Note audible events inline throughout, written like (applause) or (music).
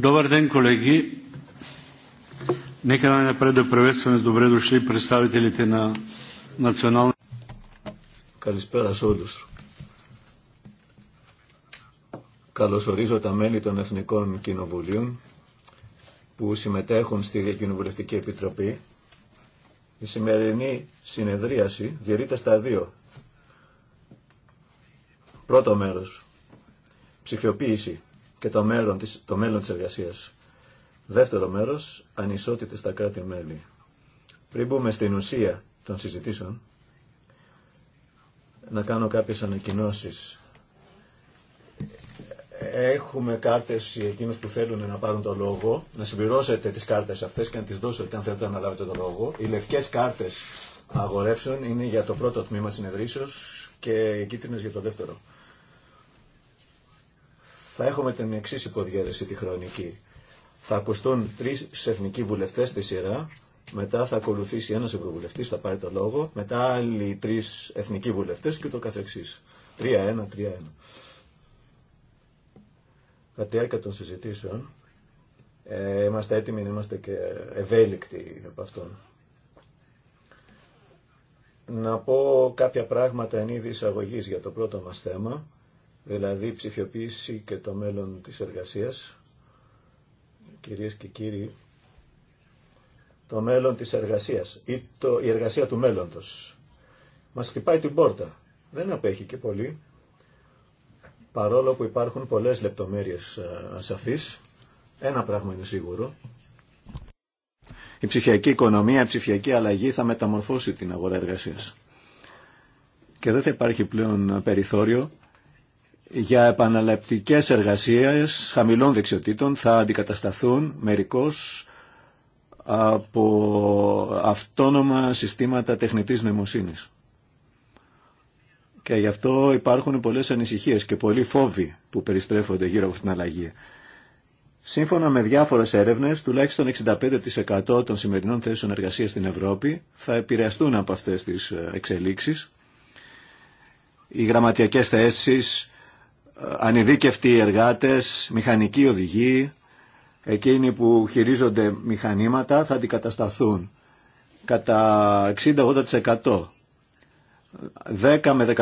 Καλησπέρα σε όλους. Καλωσορίζω τα μέλη των Εθνικών Κοινοβουλίων που συμμετέχουν στη Διακοινοβουλευτική Επιτροπή. Η σημερινή συνεδρίαση διαιρείται στα δύο. Πρώτο μέρος. Ψηφιοποίηση και το μέλλον της, το μέλλον της εργασίας. Δεύτερο μέρος, ανισότητες στα κράτη-μέλη. Πριν μπούμε στην ουσία των συζητήσεων, να κάνω κάποιες ανακοινώσεις. Έχουμε κάρτες για εκείνους που θέλουν να πάρουν το λόγο, να συμπληρώσετε τις κάρτες αυτές και να τις δώσετε αν θέλετε να λάβετε το λόγο. Οι λευκές κάρτες αγορεύσεων είναι για το πρώτο τμήμα της συνεδρίσεως και οι κίτρινες για το δεύτερο θα έχουμε την εξή υποδιέρεση τη χρονική. Θα ακουστούν τρει εθνικοί βουλευτέ στη σειρά, μετά θα ακολουθήσει ένα ευρωβουλευτή, θα πάρει το λόγο, μετά άλλοι τρει εθνικοί βουλευτέ και το καθεξη καθεξή. Τρία-ένα, τρία-ένα. Κατά τη διάρκεια των συζητήσεων, ε, είμαστε έτοιμοι είμαστε και ευέλικτοι από αυτόν. Να πω κάποια πράγματα εν είδη εισαγωγή για το πρώτο μα θέμα δηλαδή η ψηφιοποίηση και το μέλλον της εργασίας. Κυρίες και κύριοι, το μέλλον της εργασίας ή το, η εργασία του μέλλοντος. Μας χτυπάει την πόρτα. Δεν απέχει και πολύ, παρόλο που υπάρχουν πολλές λεπτομέρειες ε, ασαφείς. Ένα πράγμα είναι σίγουρο. Η ψηφιακή οικονομία, η ψηφιακή αλλαγή θα μεταμορφώσει την αγορά εργασίας. Και δεν θα υπάρχει πλέον περιθώριο για επαναλαπτικές εργασίες χαμηλών δεξιοτήτων θα αντικατασταθούν μερικώς από αυτόνομα συστήματα τεχνητής νοημοσύνης. Και γι' αυτό υπάρχουν πολλές ανησυχίες και πολλοί φόβοι που περιστρέφονται γύρω από την αλλαγή. Σύμφωνα με διάφορες έρευνες, τουλάχιστον 65% των σημερινών θέσεων εργασίας στην Ευρώπη θα επηρεαστούν από αυτές τις εξελίξεις. Οι γραμματιακές θέσεις, ε, ανειδίκευτοι εργάτες, μηχανικοί οδηγοί, εκείνοι που χειρίζονται μηχανήματα θα αντικατασταθούν κατά 60-80%. 10 με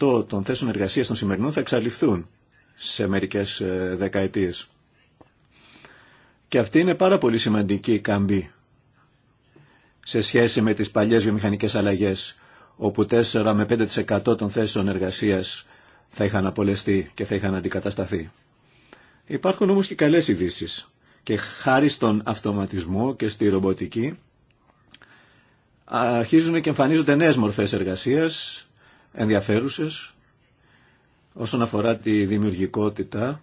15% των θέσεων εργασίας των σημερινών θα εξαλειφθούν σε μερικές ε, δεκαετίες. Και αυτή είναι πάρα πολύ σημαντική καμπή σε σχέση με τις παλιές βιομηχανικές αλλαγές, όπου 4 με 5% των θέσεων εργασίας θα είχαν απολεστεί και θα είχαν αντικατασταθεί. Υπάρχουν όμως και καλές ειδήσει. Και χάρη στον αυτοματισμό και στη ρομποτική αρχίζουν και εμφανίζονται νέες μορφές εργασίας, ενδιαφέρουσες, όσον αφορά τη δημιουργικότητα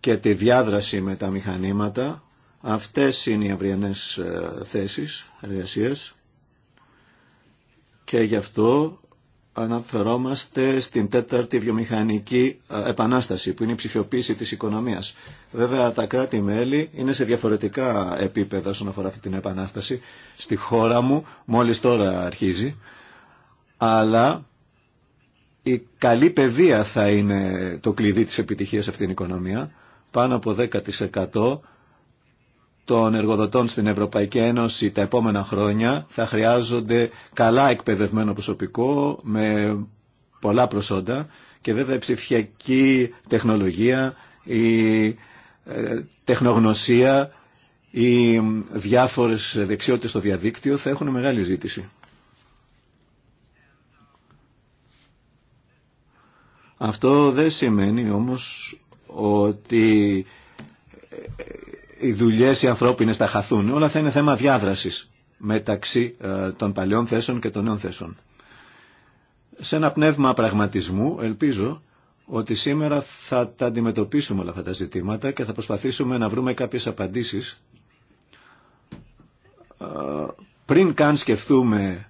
και τη διάδραση με τα μηχανήματα. Αυτές είναι οι αυριανές ε, θέσεις εργασίας και γι' αυτό αναφερόμαστε στην τέταρτη βιομηχανική ε, επανάσταση που είναι η ψηφιοποίηση της οικονομίας. Βέβαια τα κράτη-μέλη είναι σε διαφορετικά επίπεδα όσον αφορά αυτή την επανάσταση. Στη χώρα μου μόλις τώρα αρχίζει, αλλά η καλή παιδεία θα είναι το κλειδί της επιτυχίας αυτήν την οικονομία. Πάνω από 10% των εργοδοτών στην Ευρωπαϊκή Ένωση τα επόμενα χρόνια θα χρειάζονται καλά εκπαιδευμένο προσωπικό με πολλά προσόντα και βέβαια ψηφιακή τεχνολογία, η ε, τεχνογνωσία, οι διάφορες δεξιότητες στο διαδίκτυο θα έχουν μεγάλη ζήτηση. Αυτό δεν σημαίνει όμως ότι ε, οι δουλειές οι ανθρώπινες θα χαθούν. Όλα θα είναι θέμα διάδρασης μεταξύ ε, των παλιών θέσεων και των νέων θέσεων. Σε ένα πνεύμα πραγματισμού ελπίζω ότι σήμερα θα τα αντιμετωπίσουμε όλα αυτά τα ζητήματα και θα προσπαθήσουμε να βρούμε κάποιες απαντήσεις ε, πριν καν σκεφτούμε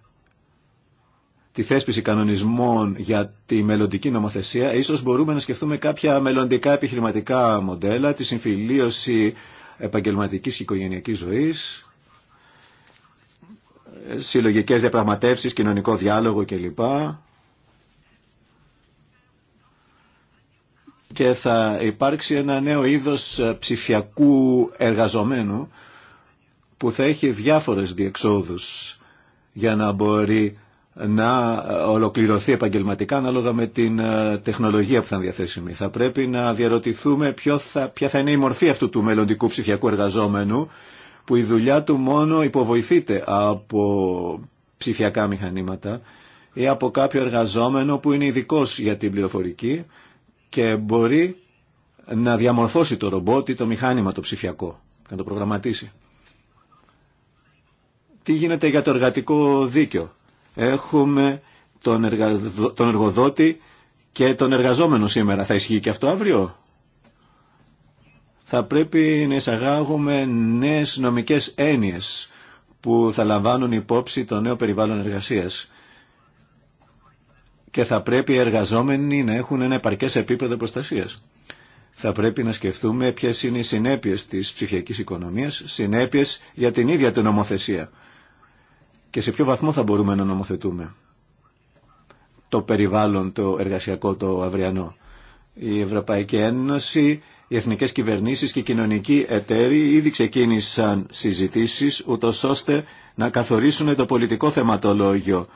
τη θέσπιση κανονισμών για τη μελλοντική νομοθεσία, ίσως μπορούμε να σκεφτούμε κάποια μελλοντικά επιχειρηματικά μοντέλα, τη συμφιλίωση επαγγελματικής και οικογενειακής ζωής, συλλογικές διαπραγματεύσεις, κοινωνικό διάλογο κλπ. Και θα υπάρξει ένα νέο είδος ψηφιακού εργαζομένου που θα έχει διάφορες διεξόδους για να μπορεί να ε, ολοκληρωθεί επαγγελματικά ανάλογα με την ε, τεχνολογία που θα είναι διαθέσιμη. Θα πρέπει να διαρωτηθούμε ποιο θα, ποια θα είναι η μορφή αυτού του μελλοντικού ψηφιακού εργαζόμενου που η δουλειά του μόνο υποβοηθείται από ψηφιακά μηχανήματα ή από κάποιο εργαζόμενο που είναι ειδικό για την πληροφορική και μπορεί να διαμορφώσει το ρομπότ ή το μηχάνημα το ψηφιακό, να το προγραμματίσει. Τι γίνεται για το εργατικό δίκαιο έχουμε τον, εργοδότη και τον εργαζόμενο σήμερα. Θα ισχύει και αυτό αύριο. Θα πρέπει να εισαγάγουμε νέες νομικές έννοιες που θα λαμβάνουν υπόψη το νέο περιβάλλον εργασίας. Και θα πρέπει οι εργαζόμενοι να έχουν ένα επαρκές επίπεδο προστασίας. Θα πρέπει να σκεφτούμε ποιες είναι οι συνέπειες της ψυχιακής οικονομίας, συνέπειες για την ίδια την νομοθεσία και σε ποιο βαθμό θα μπορούμε να νομοθετούμε το περιβάλλον το εργασιακό το αυριανό. Η Ευρωπαϊκή Ένωση, οι εθνικές κυβερνήσεις και οι κοινωνικοί εταίροι ήδη ξεκίνησαν συζητήσεις ούτως ώστε να καθορίσουν το πολιτικό θεματολόγιο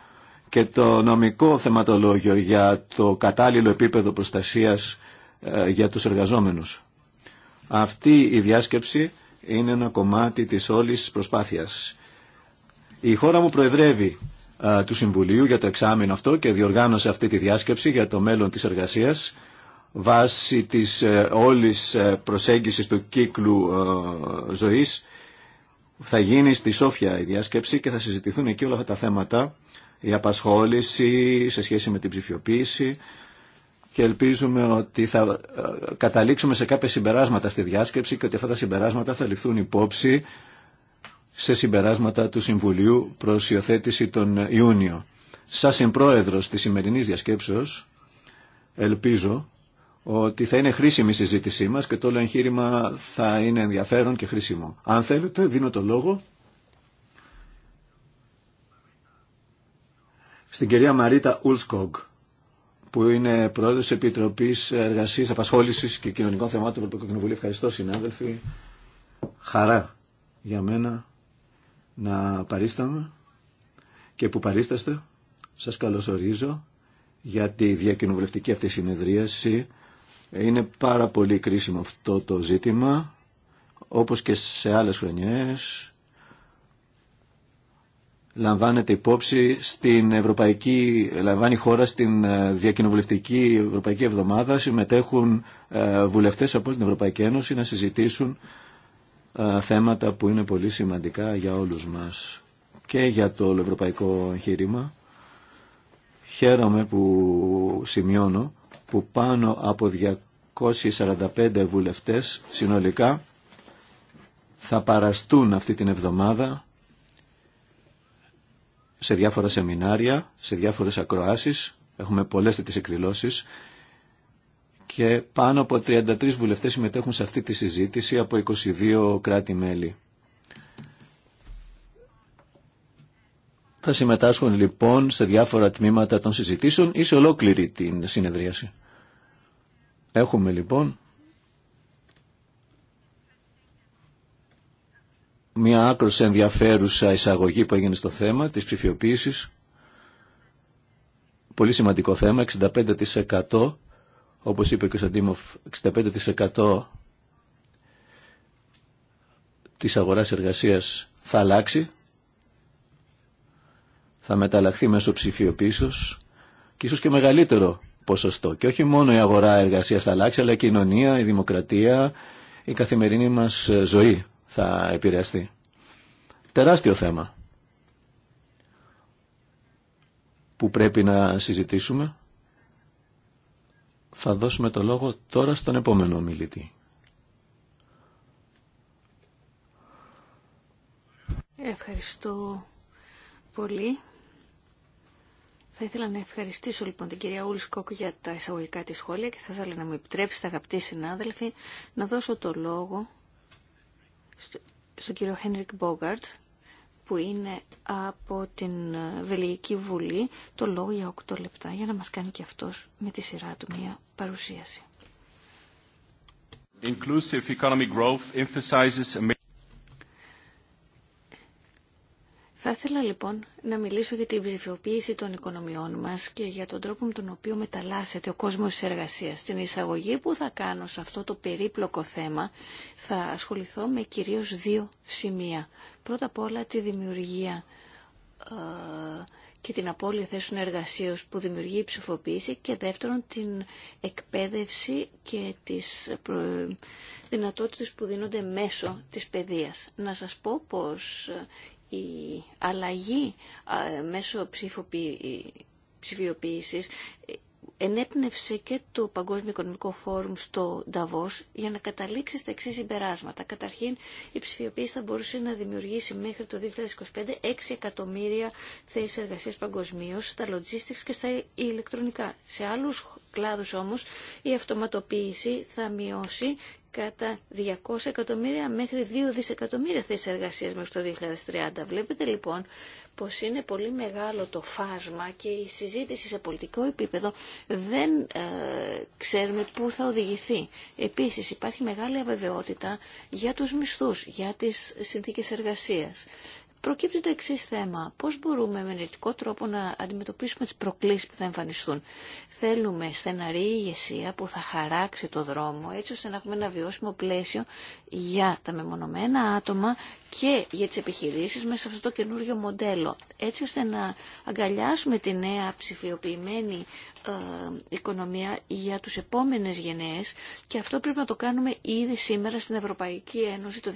και το νομικό θεματολόγιο για το κατάλληλο επίπεδο προστασίας ε, για τους εργαζόμενους. Αυτή η διάσκεψη είναι ένα κομμάτι της όλης προσπάθειας. Η χώρα μου προεδρεύει του Συμβουλίου για το εξάμεινο αυτό και διοργάνωσε αυτή τη διάσκεψη για το μέλλον της εργασίας βάσει της ε, όλης ε, προσέγγισης του κύκλου ε, ζωής. Θα γίνει στη Σόφια η διάσκεψη και θα συζητηθούν εκεί όλα αυτά τα θέματα, η απασχόληση σε σχέση με την ψηφιοποίηση και ελπίζουμε ότι θα ε, καταλήξουμε σε κάποια συμπεράσματα στη διάσκεψη και ότι αυτά τα συμπεράσματα θα ληφθούν υπόψη σε συμπεράσματα του Συμβουλίου προς υιοθέτηση τον Ιούνιο. Σας συμπρόεδρος της σημερινή διασκέψεως, ελπίζω ότι θα είναι χρήσιμη η συζήτησή μας και το όλο εγχείρημα θα είναι ενδιαφέρον και χρήσιμο. Αν θέλετε, δίνω το λόγο στην κυρία Μαρίτα Ουλσκογκ, που είναι πρόεδρος της Επιτροπής Εργασίας, Απασχόλησης και Κοινωνικών Θεμάτων του Ευρωπαϊκού Κοινοβουλίου. Ευχαριστώ, συνάδελφοι. Χαρά για μένα να παρίσταμε και που παρίσταστε. Σας καλωσορίζω για τη διακοινοβουλευτική αυτή συνεδρίαση. Είναι πάρα πολύ κρίσιμο αυτό το ζήτημα, όπως και σε άλλες χρονιές. Λαμβάνεται υπόψη στην Ευρωπαϊκή, λαμβάνει χώρα στην ε, διακοινοβουλευτική Ευρωπαϊκή Εβδομάδα. Συμμετέχουν ε, βουλευτές από την Ευρωπαϊκή Ένωση να συζητήσουν θέματα που είναι πολύ σημαντικά για όλους μας και για το ευρωπαϊκό εγχείρημα. Χαίρομαι που σημειώνω που πάνω από 245 βουλευτές συνολικά θα παραστούν αυτή την εβδομάδα σε διάφορα σεμινάρια, σε διάφορες ακροάσεις. Έχουμε πολλές τέτοιες εκδηλώσεις και πάνω από 33 βουλευτές συμμετέχουν σε αυτή τη συζήτηση από 22 κράτη-μέλη. Θα συμμετάσχουν λοιπόν σε διάφορα τμήματα των συζητήσεων ή σε ολόκληρη την συνεδρίαση. Έχουμε λοιπόν μια άκρο ενδιαφέρουσα εισαγωγή που έγινε στο θέμα της ψηφιοποίησης. Πολύ σημαντικό θέμα, 65% όπως είπε και ο Σαντίμοφ, 65% της αγοράς εργασίας θα αλλάξει, θα μεταλλαχθεί μέσω ψηφιοποίησης και ίσως και μεγαλύτερο ποσοστό. Και όχι μόνο η αγορά εργασίας θα αλλάξει, αλλά η κοινωνία, η δημοκρατία, η καθημερινή μας ε, ζωή θα επηρεαστεί. Τεράστιο θέμα που πρέπει να συζητήσουμε θα δώσουμε το λόγο τώρα στον επόμενο ομιλητή. Ευχαριστώ πολύ. Θα ήθελα να ευχαριστήσω λοιπόν την κυρία Ούλσκοκ για τα εισαγωγικά της σχόλια και θα ήθελα να μου επιτρέψετε αγαπητοί συνάδελφοι να δώσω το λόγο στον κύριο Χένρικ Μπόγκαρτ που είναι από την Βελγική Βουλή το λόγο για 8 λεπτά για να μας κάνει και αυτός με τη σειρά του μια παρουσίαση. Inclusive economic growth emphasizes Θα ήθελα λοιπόν να μιλήσω για την ψηφιοποίηση των οικονομιών μας και για τον τρόπο με τον οποίο μεταλλάσσεται ο κόσμος της εργασίας. Στην εισαγωγή που θα κάνω σε αυτό το περίπλοκο θέμα θα ασχοληθώ με κυρίως δύο σημεία. Πρώτα απ' όλα τη δημιουργία ε, και την απώλεια θέσεων εργασίας που δημιουργεί η ψηφοποίηση και δεύτερον την εκπαίδευση και τις δυνατότητες που δίνονται μέσω της παιδείας. Να σας πω πως η αλλαγή μέσω ψηφιοποίησης ενέπνευσε και το Παγκόσμιο Οικονομικό Φόρουμ στο Νταβός για να καταλήξει στα εξή συμπεράσματα. Καταρχήν, η ψηφιοποίηση θα μπορούσε να δημιουργήσει μέχρι το 2025 6 εκατομμύρια θέσεις εργασίας παγκοσμίω στα logistics και στα ηλεκτρονικά. Σε άλλους κλάδους όμως η αυτοματοποίηση θα μειώσει κατά 200 εκατομμύρια μέχρι 2 δισεκατομμύρια θέσεις εργασίας μέχρι το 2030. Βλέπετε λοιπόν πως είναι πολύ μεγάλο το φάσμα και η συζήτηση σε πολιτικό επίπεδο δεν ε, ξέρουμε πού θα οδηγηθεί. Επίσης υπάρχει μεγάλη αβεβαιότητα για τους μισθούς, για τις συνθήκες εργασίας προκύπτει το εξή θέμα. Πώς μπορούμε με ενεργητικό τρόπο να αντιμετωπίσουμε τις προκλήσεις που θα εμφανιστούν. Θέλουμε στεναρή ηγεσία που θα χαράξει το δρόμο έτσι ώστε να έχουμε ένα βιώσιμο πλαίσιο για τα μεμονωμένα άτομα και για τις επιχειρήσεις μέσα σε αυτό το καινούργιο μοντέλο. Έτσι ώστε να αγκαλιάσουμε τη νέα ψηφιοποιημένη ε, οικονομία για τους επόμενες γενναίες και αυτό πρέπει να το κάνουμε ήδη σήμερα στην Ευρωπαϊκή Ένωση το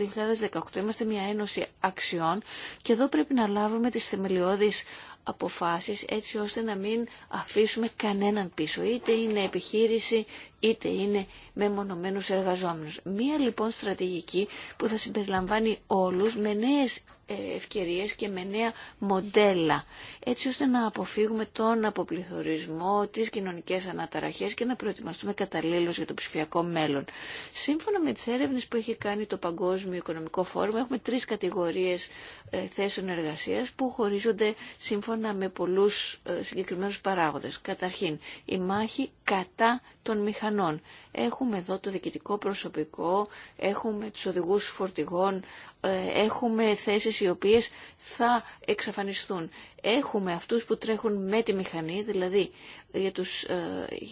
2018. Είμαστε μια ένωση αξιών και εδώ πρέπει να λάβουμε τις θεμελιώδεις αποφάσεις έτσι ώστε να μην αφήσουμε κανέναν πίσω. Είτε είναι επιχείρηση, είτε είναι με μονομένους εργαζόμενους. Μία λοιπόν στρατηγική που θα συμπεριλαμβάνει όλους με νέες ε, ευκαιρίες και με νέα μοντέλα, έτσι ώστε να αποφύγουμε τον αποπληθωρισμό, τις κοινωνικές αναταραχές και να προετοιμαστούμε καταλήλως για το ψηφιακό μέλλον. Σύμφωνα με τις έρευνες που έχει κάνει το Παγκόσμιο Οικονομικό Φόρουμ, έχουμε τρεις κατηγορίες ε, θέσεων εργασίας που χωρίζονται σύμφωνα με πολλούς ε, συγκεκριμένους παράγοντες. Καταρχήν, η μάχη κατά των μηχανών. Έχουμε εδώ το διοικητικό προσωπικό, έχουμε τους οδηγούς φορτηγών, ε, έχουμε θέσεις οι οποίες θα εξαφανιστούν. Έχουμε αυτούς που τρέχουν με τη μηχανή, δηλαδή για τους ε,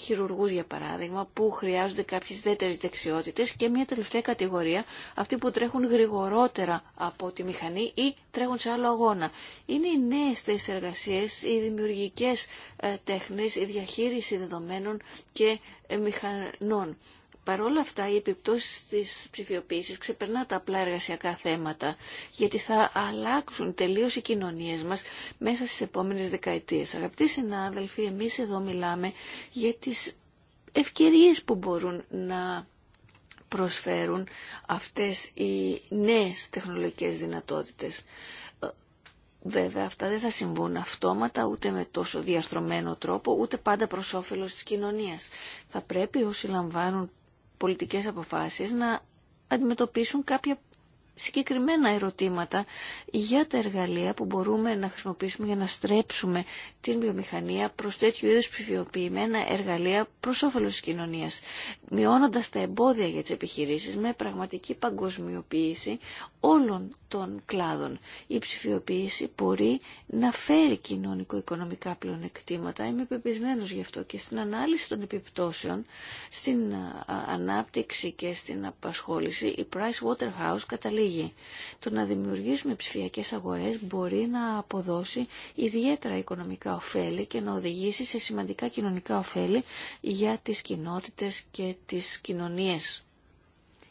χειρουργούς για παράδειγμα, που χρειάζονται κάποιες δέτερες δεξιότητες και μια τελευταία κατηγορία, αυτοί που τρέχουν γρηγορότερα από τη μηχανή ή τρέχουν σε άλλο αγώνα. Είναι οι νέες θέσεις εργασίες, οι δημιουργικές ε, τέχνες, η διαχείριση δεδομένων και μηχανών. Λοιπόν, Παρ' όλα αυτά, η επιπτώση τη ψηφιοποίηση ξεπερνά τα απλά εργασιακά θέματα, γιατί θα αλλάξουν τελείως οι κοινωνίες μας μέσα στις επόμενες δεκαετίες. Αγαπητοί συνάδελφοι, εμείς εδώ μιλάμε για τις ευκαιρίες που μπορούν να προσφέρουν αυτές οι νέες τεχνολογικές δυνατότητες. Βέβαια αυτά δεν θα συμβούν αυτόματα ούτε με τόσο διαστρωμένο τρόπο ούτε πάντα προ όφελο τη κοινωνίας. Θα πρέπει όσοι λαμβάνουν πολιτικές αποφάσεις να αντιμετωπίσουν κάποια συγκεκριμένα ερωτήματα για τα εργαλεία που μπορούμε να χρησιμοποιήσουμε για να στρέψουμε την βιομηχανία προς τέτοιου είδους ψηφιοποιημένα εργαλεία προς όφελος της κοινωνίας, μειώνοντας τα εμπόδια για τις επιχειρήσεις με πραγματική παγκοσμιοποίηση όλων των κλάδων. Η ψηφιοποίηση μπορεί να φέρει κοινωνικο-οικονομικά πλεονεκτήματα. Είμαι πεπισμένο γι' αυτό και στην ανάλυση των επιπτώσεων, στην ανάπτυξη και στην απασχόληση, η Price Waterhouse καταλήγει το να δημιουργήσουμε ψηφιακές αγορές μπορεί να αποδώσει ιδιαίτερα οικονομικά ωφέλη και να οδηγήσει σε σημαντικά κοινωνικά ωφέλη για τις κοινότητες και τις κοινωνίες.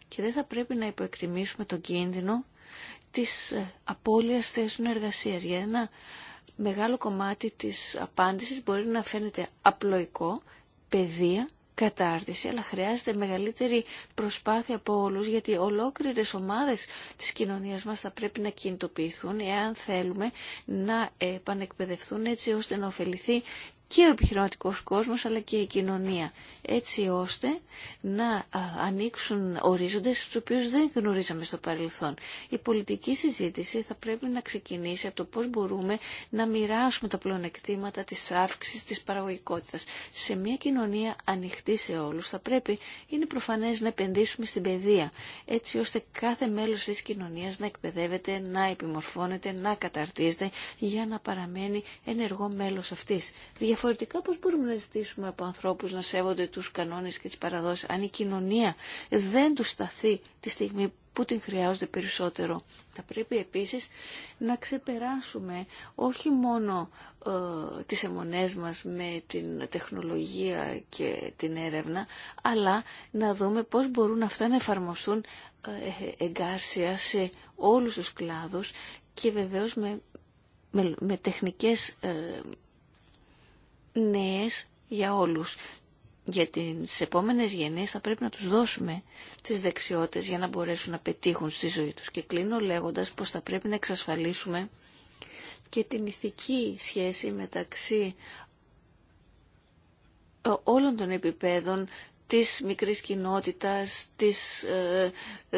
Και δεν θα πρέπει να υποεκτιμήσουμε τον κίνδυνο της ε, απώλειας θέσεων εργασίας. Για ένα μεγάλο κομμάτι της απάντησης μπορεί να φαίνεται απλοϊκό, παιδεία κατάρτιση, αλλά χρειάζεται μεγαλύτερη προσπάθεια από όλους, γιατί ολόκληρες ομάδες της κοινωνίας μας θα πρέπει να κινητοποιηθούν εάν θέλουμε να επανεκπαιδευτούν έτσι ώστε να ωφεληθεί και ο επιχειρηματικός κόσμος αλλά και η κοινωνία έτσι ώστε να ανοίξουν ορίζοντες στους οποίους δεν γνωρίζαμε στο παρελθόν. Η πολιτική συζήτηση θα πρέπει να ξεκινήσει από το πώς μπορούμε να μοιράσουμε τα πλεονεκτήματα της αύξησης της παραγωγικότητας. Σε μια κοινωνία ανοιχτή σε όλους θα πρέπει, είναι προφανές, να επενδύσουμε στην παιδεία έτσι ώστε κάθε μέλος της κοινωνίας να εκπαιδεύεται, να επιμορφώνεται, να καταρτίζεται για να παραμένει ενεργό μέλος αυτής Διαφορετικά πώς μπορούμε να ζητήσουμε από ανθρώπους να σέβονται τους κανόνες και τις παραδόσεις αν η κοινωνία δεν τους σταθεί τη στιγμή που την χρειάζονται περισσότερο. Θα πρέπει επίσης να ξεπεράσουμε όχι μόνο ε, τις αιμονές μας με την τεχνολογία και την έρευνα, αλλά να δούμε πώς μπορούν αυτά να εφαρμοστούν ε, εγκάρσια σε όλους τους κλάδους και βεβαίως με, με, τεχνικές ε, νέες για όλους. Για τις επόμενες γενιές θα πρέπει να τους δώσουμε τις δεξιότητες για να μπορέσουν να πετύχουν στη ζωή τους. Και κλείνω λέγοντας πως θα πρέπει να εξασφαλίσουμε και την ηθική σχέση μεταξύ ε, όλων των επιπέδων της μικρής κοινότητας, της, ε,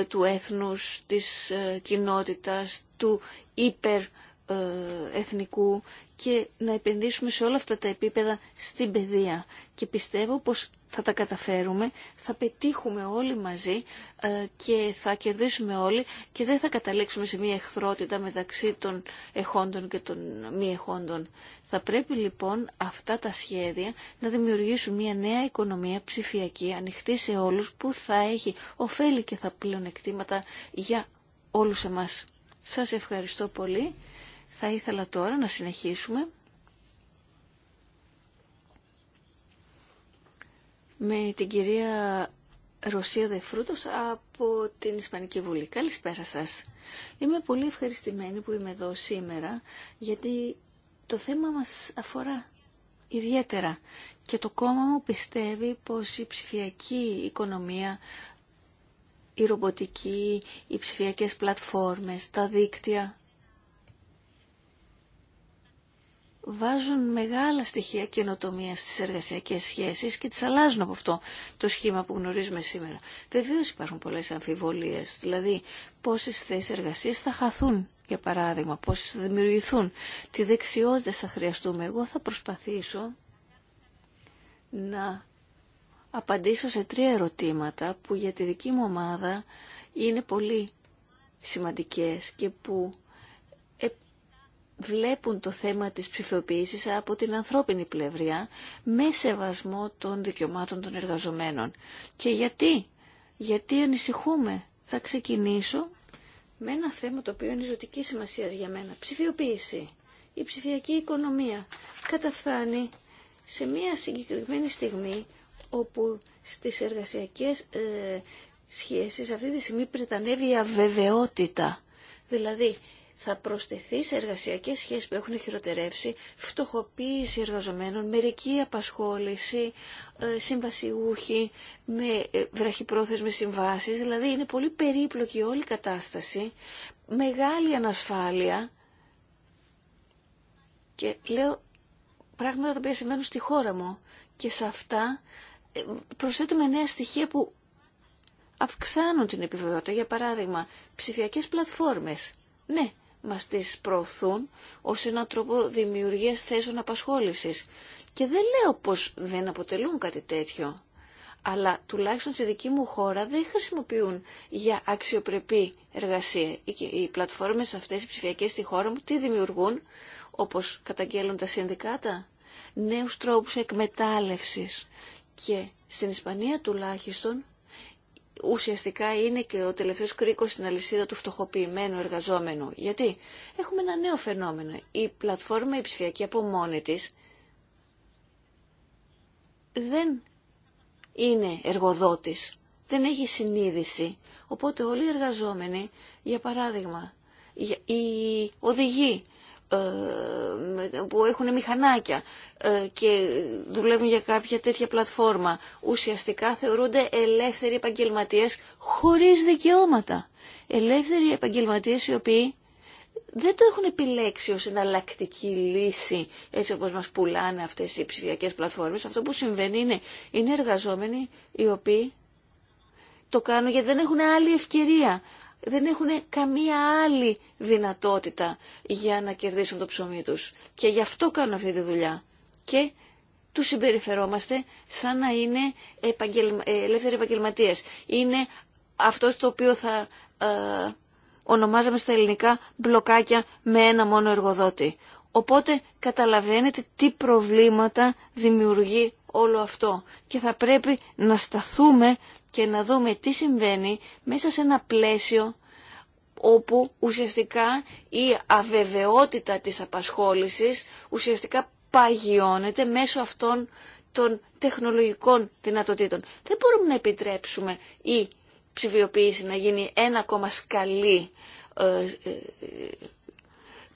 του έθνους, της ε, κοινότητας, του υπερεθνικού και να επενδύσουμε σε όλα αυτά τα επίπεδα στην παιδεία. Και πιστεύω πως θα τα καταφέρουμε, θα πετύχουμε όλοι μαζί ε, και θα κερδίσουμε όλοι και δεν θα καταλήξουμε σε μια εχθρότητα μεταξύ των εχόντων και των μη εχόντων. Θα πρέπει λοιπόν αυτά τα σχέδια να δημιουργήσουν μια νέα οικονομία ψηφιακή, ανοιχτή σε όλους, που θα έχει ωφέλη και θα εκτήματα για όλους εμάς. Σας ευχαριστώ πολύ. Θα ήθελα τώρα να συνεχίσουμε με την κυρία Ρωσία Δεφρούτος από την Ισπανική Βουλή. Καλησπέρα σας. Είμαι πολύ ευχαριστημένη που είμαι εδώ σήμερα γιατί το θέμα μας αφορά ιδιαίτερα και το κόμμα μου πιστεύει πως η ψηφιακή οικονομία, η ρομποτική, οι ψηφιακές πλατφόρμες, τα δίκτυα βάζουν μεγάλα στοιχεία καινοτομία στις εργασιακές σχέσεις και τις αλλάζουν από αυτό το σχήμα που γνωρίζουμε σήμερα. Βεβαίω υπάρχουν πολλές αμφιβολίες, δηλαδή πόσες θέσεις εργασίας θα χαθούν, για παράδειγμα, πώς θα δημιουργηθούν, τι δεξιότητες θα χρειαστούμε. Εγώ θα προσπαθήσω να απαντήσω σε τρία ερωτήματα που για τη δική μου ομάδα είναι πολύ σημαντικές και που βλέπουν το θέμα της ψηφιοποίησης από την ανθρώπινη πλευριά με σεβασμό των δικαιωμάτων των εργαζομένων. Και γιατί, γιατί ανησυχούμε. Θα ξεκινήσω με ένα θέμα το οποίο είναι ζωτική σημασία για μένα. Ψηφιοποίηση. Η ψηφιακή οικονομία καταφθάνει σε μια συγκεκριμένη στιγμή όπου στις εργασιακές ε, σχέσεις αυτή τη στιγμή πρετανεύει η αβεβαιότητα. Δηλαδή θα προσθεθεί σε εργασιακές σχέσεις που έχουν χειροτερεύσει, φτωχοποίηση εργαζομένων, μερική απασχόληση, ε, συμβασιούχοι με ε, βραχυπρόθεσμες συμβάσεις, δηλαδή είναι πολύ περίπλοκη όλη η κατάσταση, μεγάλη ανασφάλεια και λέω πράγματα τα οποία συμβαίνουν στη χώρα μου και σε αυτά ε, προσθέτουμε νέα στοιχεία που αυξάνουν την επιβεβαιότητα. Για παράδειγμα, ψηφιακές πλατφόρμες. Ναι, μας τις προωθούν ως έναν τρόπο δημιουργίας θέσεων απασχόλησης. Και δεν λέω πως δεν αποτελούν κάτι τέτοιο. Αλλά τουλάχιστον στη δική μου χώρα δεν χρησιμοποιούν για αξιοπρεπή εργασία. Οι πλατφόρμες αυτές οι ψηφιακές στη χώρα μου τι δημιουργούν, όπως καταγγέλνουν τα συνδικάτα, νέους τρόπους εκμετάλλευσης. Και στην Ισπανία τουλάχιστον ουσιαστικά είναι και ο τελευταίος κρίκος στην αλυσίδα του φτωχοποιημένου εργαζόμενου. Γιατί έχουμε ένα νέο φαινόμενο. Η πλατφόρμα η ψηφιακή από μόνη της δεν είναι εργοδότης, δεν έχει συνείδηση. Οπότε όλοι οι εργαζόμενοι, για παράδειγμα, οι οδηγοί ε, που έχουν μηχανάκια ε, και δουλεύουν για κάποια τέτοια πλατφόρμα ουσιαστικά θεωρούνται ελεύθεροι επαγγελματίες χωρίς δικαιώματα. Ελεύθεροι επαγγελματίες οι οποίοι δεν το έχουν επιλέξει ως εναλλακτική λύση έτσι όπως μας πουλάνε αυτές οι ψηφιακές πλατφόρμες. Αυτό που συμβαίνει είναι, είναι εργαζόμενοι οι οποίοι το κάνουν γιατί δεν έχουν άλλη ευκαιρία δεν έχουν καμία άλλη δυνατότητα για να κερδίσουν το ψωμί τους. Και γι' αυτό κάνουν αυτή τη δουλειά. Και του συμπεριφερόμαστε σαν να είναι επαγγελμα... Ε, ελεύθεροι επαγγελματίε. Είναι αυτό το οποίο θα ε, ονομάζαμε στα ελληνικά μπλοκάκια με ένα μόνο εργοδότη. Οπότε καταλαβαίνετε τι προβλήματα δημιουργεί όλο αυτό και θα πρέπει να σταθούμε και να δούμε τι συμβαίνει μέσα σε ένα πλαίσιο όπου ουσιαστικά η αβεβαιότητα της απασχόλησης ουσιαστικά παγιώνεται μέσω αυτών των τεχνολογικών δυνατοτήτων. Δεν μπορούμε να επιτρέψουμε η ψηφιοποίηση να γίνει ένα ακόμα σκαλί ε, ε,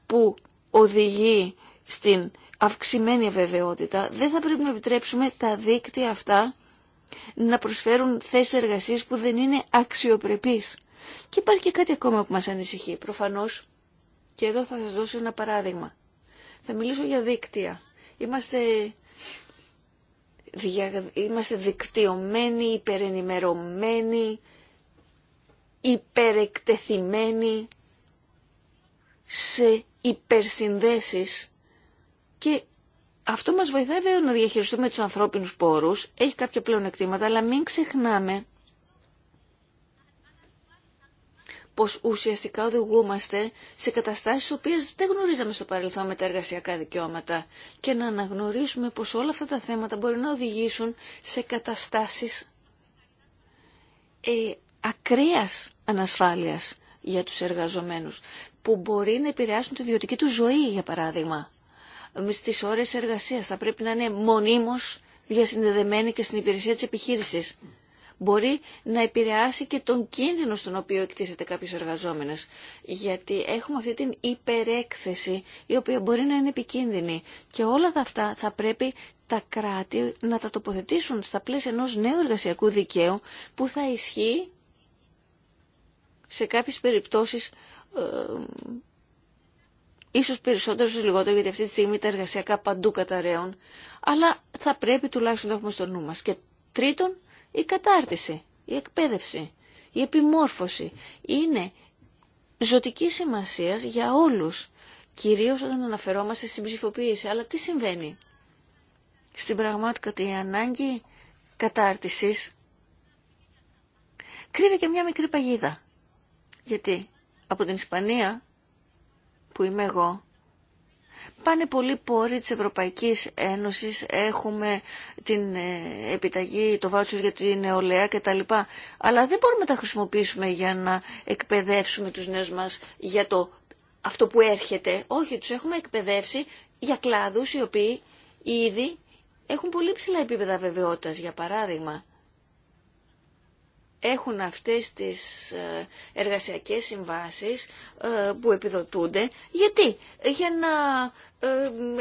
που οδηγεί στην αυξημένη βεβαιότητα. Δεν θα πρέπει να επιτρέψουμε τα δίκτυα αυτά να προσφέρουν θέσεις εργασίας που δεν είναι αξιοπρεπείς. Και υπάρχει και κάτι ακόμα που μας ανησυχεί. Προφανώς, και εδώ θα σας δώσω ένα παράδειγμα. Θα μιλήσω για δίκτυα. Είμαστε, δια... Είμαστε δικτυωμένοι, υπερενημερωμένοι, υπερεκτεθειμένοι σε υπερσυνδέσεις και αυτό μας βοηθάει βέβαια να διαχειριστούμε τους ανθρώπινους πόρους, έχει κάποια πλεονεκτήματα, αλλά μην ξεχνάμε πως ουσιαστικά οδηγούμαστε σε καταστάσεις οποίες δεν γνωρίζαμε στο παρελθόν με τα εργασιακά δικαιώματα και να αναγνωρίσουμε πως όλα αυτά τα θέματα μπορεί να οδηγήσουν σε καταστάσεις ε, ακραίας ανασφάλειας για τους εργαζομένους που μπορεί να επηρεάσουν τη ιδιωτική του ζωή, για παράδειγμα στις ώρες εργασίας. Θα πρέπει να είναι μονίμως διασυνδεδεμένη και στην υπηρεσία της επιχείρησης. Μπορεί να επηρεάσει και τον κίνδυνο στον οποίο εκτίθεται κάποιος εργαζόμενος. Γιατί έχουμε αυτή την υπερέκθεση η οποία μπορεί να είναι επικίνδυνη. Και όλα αυτά θα πρέπει τα κράτη να τα τοποθετήσουν στα πλαίσια ενός νέου εργασιακού δικαίου που θα ισχύει σε κάποιες περιπτώσεις ε, ίσως περισσότερο, ίσως λιγότερο, γιατί αυτή τη στιγμή τα εργασιακά παντού καταραίων. αλλά θα πρέπει τουλάχιστον να έχουμε στο νου μας. Και τρίτον, η κατάρτιση, η εκπαίδευση, η επιμόρφωση είναι ζωτική σημασία για όλους, κυρίως όταν αναφερόμαστε στην ψηφοποίηση. Αλλά τι συμβαίνει. Στην πραγματικότητα η ανάγκη κατάρτισης κρύβει και μια μικρή παγίδα. Γιατί από την Ισπανία που είμαι εγώ, πάνε πολλοί πόροι της Ευρωπαϊκής Ένωσης, έχουμε την ε, επιταγή, το βάτσο για την νεολαία κτλ. Αλλά δεν μπορούμε να τα χρησιμοποιήσουμε για να εκπαιδεύσουμε τους νέους μας για το αυτό που έρχεται. Όχι, τους έχουμε εκπαιδεύσει για κλάδους οι οποίοι ήδη έχουν πολύ ψηλά επίπεδα βεβαιότητας, για παράδειγμα έχουν αυτές τις ε, εργασιακές συμβάσεις ε, που επιδοτούνται. Γιατί? Για να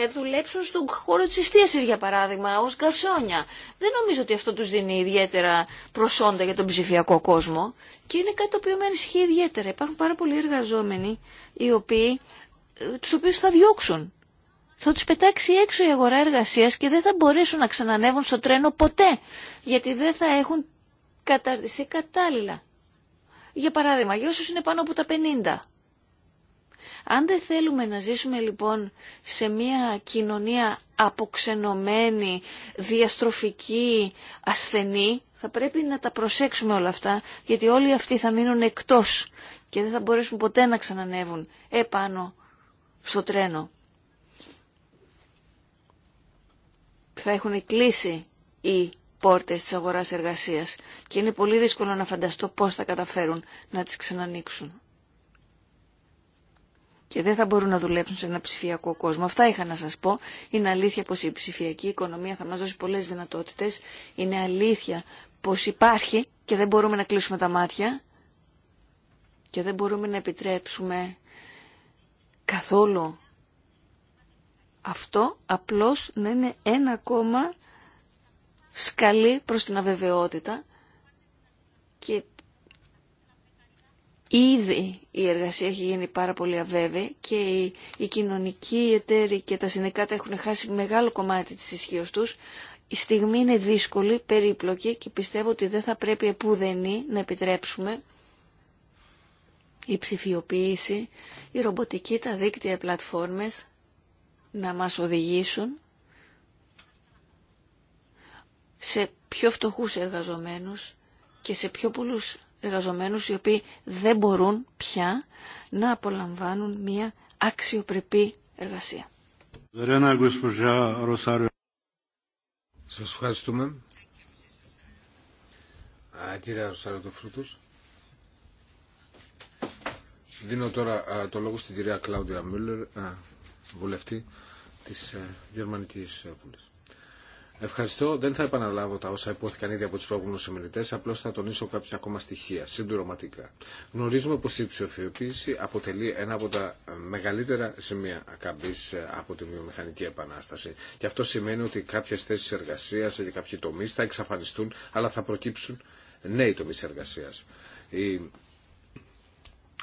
ε, δουλέψουν στον χώρο της εστίασης, για παράδειγμα, ως καυσόνια. Δεν νομίζω ότι αυτό τους δίνει ιδιαίτερα προσόντα για τον ψηφιακό κόσμο και είναι κάτι το οποίο με ανησυχεί ιδιαίτερα. Υπάρχουν πάρα πολλοί εργαζόμενοι οι οποίοι, τους οποίους θα διώξουν θα τους πετάξει έξω η αγορά εργασίας και δεν θα μπορέσουν να ξανανεύουν στο τρένο ποτέ, γιατί δεν θα έχουν καταρτιστεί κατάλληλα. Για παράδειγμα, για όσους είναι πάνω από τα 50. Αν δεν θέλουμε να ζήσουμε λοιπόν σε μια κοινωνία αποξενωμένη, διαστροφική, ασθενή, θα πρέπει να τα προσέξουμε όλα αυτά, γιατί όλοι αυτοί θα μείνουν εκτός και δεν θα μπορέσουν ποτέ να ξανανεύουν επάνω στο τρένο. Θα έχουν κλείσει οι πόρτες της αγοράς εργασίας και είναι πολύ δύσκολο να φανταστώ πώς θα καταφέρουν να τις ξανανοίξουν. Και δεν θα μπορούν να δουλέψουν σε ένα ψηφιακό κόσμο. Αυτά είχα να σας πω. Είναι αλήθεια πως η ψηφιακή οικονομία θα μας δώσει πολλές δυνατότητες. Είναι αλήθεια πως υπάρχει και δεν μπορούμε να κλείσουμε τα μάτια και δεν μπορούμε να επιτρέψουμε καθόλου αυτό απλώς να είναι ένα ακόμα σκαλεί προς την αβεβαιότητα και ήδη η εργασία έχει γίνει πάρα πολύ αβέβαιη και οι, οι κοινωνικοί εταίροι και τα συνδικάτα έχουν χάσει μεγάλο κομμάτι της ισχύω τους. Η στιγμή είναι δύσκολη, περίπλοκη και πιστεύω ότι δεν θα πρέπει επουδενή να επιτρέψουμε η ψηφιοποίηση, η ρομποτική, τα δίκτυα, οι πλατφόρμες να μας οδηγήσουν σε πιο φτωχούς εργαζομένους και σε πιο πολλούς εργαζομένους οι οποίοι δεν μπορούν πια να απολαμβάνουν μια αξιοπρεπή εργασία. Σας ευχαριστούμε. Α, κύριε φρούτος. Δίνω τώρα το λόγο στην κυρία Κλάουδια Μούλερ, βουλευτή της α, ε, Γερμανικής ε, Βουλής. Ευχαριστώ. Δεν θα επαναλάβω τα όσα υπόθηκαν ήδη από του προηγούμενου ομιλητέ, απλώ θα τονίσω κάποια ακόμα στοιχεία συμπληρωματικά. Γνωρίζουμε πω η ψηφιοποίηση αποτελεί ένα από τα μεγαλύτερα σημεία καμπή ε, από τη βιομηχανική επανάσταση. Και αυτό σημαίνει ότι κάποιε θέσει εργασία ή κάποιοι τομεί θα εξαφανιστούν, αλλά θα προκύψουν νέοι τομεί εργασία. Η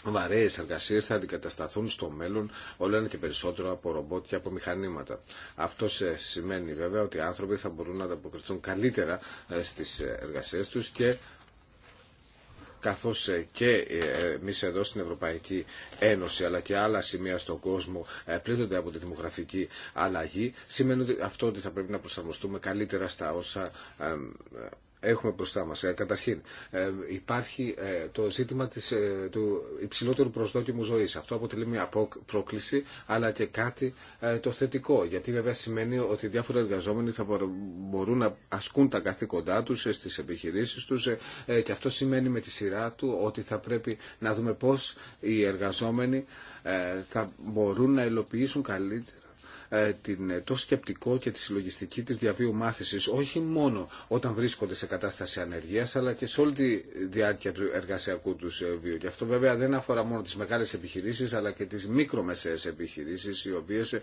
βαρέες εργασίες θα αντικατασταθούν στο μέλλον όλο ένα και περισσότερο από ρομπότ και από μηχανήματα. Αυτό σημαίνει βέβαια ότι οι άνθρωποι θα μπορούν να ανταποκριθούν καλύτερα ε, στις ε, εργασίες τους και καθώς ε, και εμεί εδώ στην Ευρωπαϊκή Ένωση αλλά και άλλα σημεία στον κόσμο πλήττονται από τη δημογραφική αλλαγή, σημαίνει αυτό ότι θα πρέπει να προσαρμοστούμε καλύτερα στα όσα έχουμε μπροστά μας. Ε, καταρχήν, ε, υπάρχει ε, το ζήτημα της, του υψηλότερου προσδόκιμου ζωής. Αυτό αποτελεί μια πρόκληση, αλλά και κάτι το θετικό, γιατί βέβαια σημαίνει ότι διάφοροι εργαζόμενοι θα μπορούν να ασκούν τα καθήκοντά τους στις επιχειρήσεις τους και αυτό σημαίνει με τη σειρά του ότι θα πρέπει να δούμε πώς οι εργαζόμενοι θα μπορούν να ελοποιήσουν καλύτερα ε, την, ε, το σκεπτικό και τη συλλογιστική της διαβίου μάθησης όχι μόνο όταν βρίσκονται σε κατάσταση ανεργίας αλλά και σε όλη τη διάρκεια του εργασιακού τους ε, βίου. Και αυτό βέβαια δεν αφορά μόνο τις μεγάλες επιχειρήσεις αλλά και τις μικρομεσαίες επιχειρήσεις οι οποίες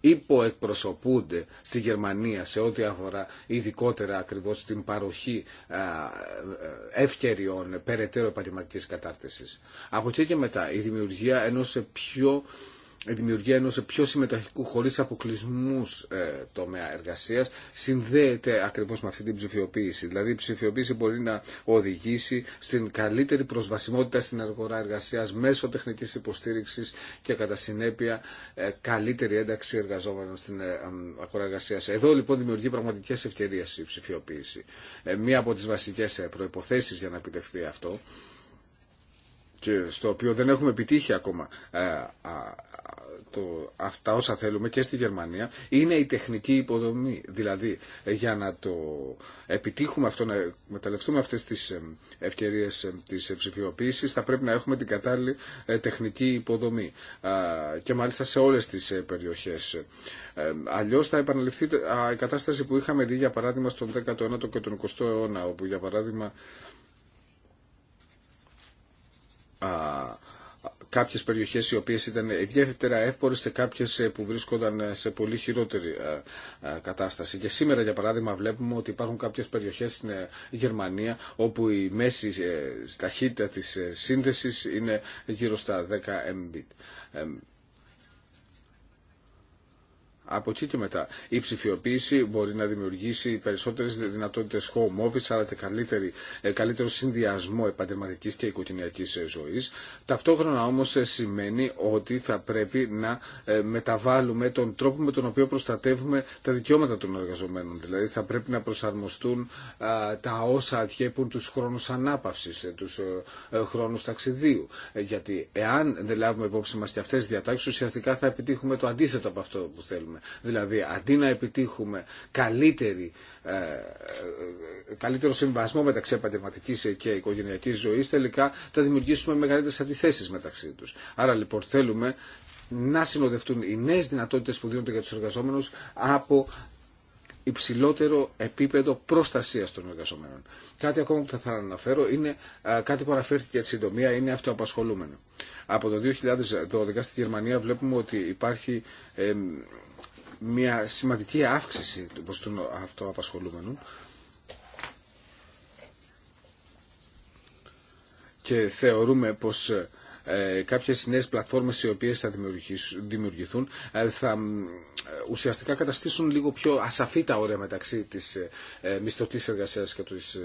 υποεκπροσωπούνται στη Γερμανία σε ό,τι αφορά ειδικότερα ακριβώς την παροχή ευκαιριών περαιτέρω επαγγελματική κατάρτισης. Από εκεί και μετά η δημιουργία ενός πιο δημιουργία ενό πιο συμμετοχικού χωρίς αποκλεισμούς ε, τομέα εργασίας συνδέεται ακριβώς με αυτή την ψηφιοποίηση. Δηλαδή η ψηφιοποίηση μπορεί να οδηγήσει στην καλύτερη προσβασιμότητα στην αγορά εργασίας μέσω τεχνικής υποστήριξης και κατά συνέπεια ε, καλύτερη ένταξη εργαζόμενων στην ε, αγορά εργασίας. Εδώ λοιπόν δημιουργεί πραγματικές ευκαιρίες η ψηφιοποίηση. Μία από τις βασικές προϋποθέσεις για να επιτευχθεί αυτό και στο οποίο δεν έχουμε επιτύχει ακόμα ε, το, αυτά όσα θέλουμε και στη Γερμανία είναι η τεχνική υποδομή. Δηλαδή για να το επιτύχουμε αυτό, να μεταλλευτούμε αυτές τις ε, ευκαιρίες ε, της ψηφιοποίησης θα πρέπει να έχουμε την κατάλληλη τεχνική υποδομή και μάλιστα σε όλες τις περιοχές. Αλλιώ θα επαναληφθεί η κατάσταση που είχαμε δει για παράδειγμα στον 19ο και τον 20ο αιώνα όπου για παράδειγμα κάποιες περιοχές οι οποίες ήταν ιδιαίτερα εύπορες και κάποιες ε, που βρίσκονταν ε, σε πολύ χειρότερη ε, κατάσταση. Και σήμερα, για παράδειγμα, βλέπουμε ότι υπάρχουν κάποιες περιοχές στην Γερμανία όπου η μέση ταχύτητα της σύνδεσης είναι γύρω στα 10 Mbit. Από εκεί και μετά. Η ψηφιοποίηση μπορεί να δημιουργήσει περισσότερε δυνατότητε home office, αλλά και καλύτερη, ε, καλύτερο συνδυασμό επαγγελματική και οικογενειακή ε, ζωή. Ταυτόχρονα όμω ε, σημαίνει ότι θα πρέπει να μεταβάλουμε τον τρόπο με τον οποίο προστατεύουμε τα δικαιώματα των εργαζομένων. Δηλαδή θα πρέπει να προσαρμοστούν τα όσα αδιέπουν του χρόνου ανάπαυση, του χρόνου ταξιδίου. Γιατί εάν δεν λάβουμε υπόψη μα και αυτέ τι διατάξει, ουσιαστικά θα επιτύχουμε το αντίθετο από αυτό που θέλουμε Δηλαδή, αντί να επιτύχουμε καλύτερη, ε, ε, καλύτερο συμβασμό μεταξύ επαγγελματική και οικογενειακή ζωή, τελικά θα δημιουργήσουμε μεγαλύτερε αντιθέσει μεταξύ του. Άρα, λοιπόν, θέλουμε να συνοδευτούν οι νέε δυνατότητε που δίνονται για του εργαζόμενου από υψηλότερο επίπεδο προστασίας των εργαζομένων. Κάτι ακόμα που θα ήθελα να αναφέρω είναι ε, κάτι που αναφέρθηκε έτσι συντομία, είναι αυτοαπασχολούμενο. Από το 2012 στη Γερμανία βλέπουμε ότι υπάρχει μια σημαντική αύξηση του ποστού αυτοαπασχολούμενο και θεωρούμε πως ε, ε, κάποιες νέες πλατφόρμες οι οποίες θα δημιουργηθούν ε, θα ε, ουσιαστικά καταστήσουν λίγο πιο ασαφή τα όρια μεταξύ της μισθωτής εργασίας και της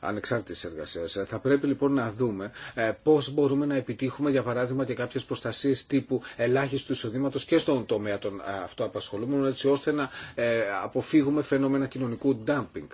ανεξάρτητης εργασίας. Θα πρέπει λοιπόν να δούμε πώς μπορούμε να επιτύχουμε για παράδειγμα και κάποιες προστασίες τύπου ελάχιστου εισοδήματος και στον τομέα των αυτοαπασχολούμενων έτσι ώστε να αποφύγουμε φαινόμενα κοινωνικού dumping.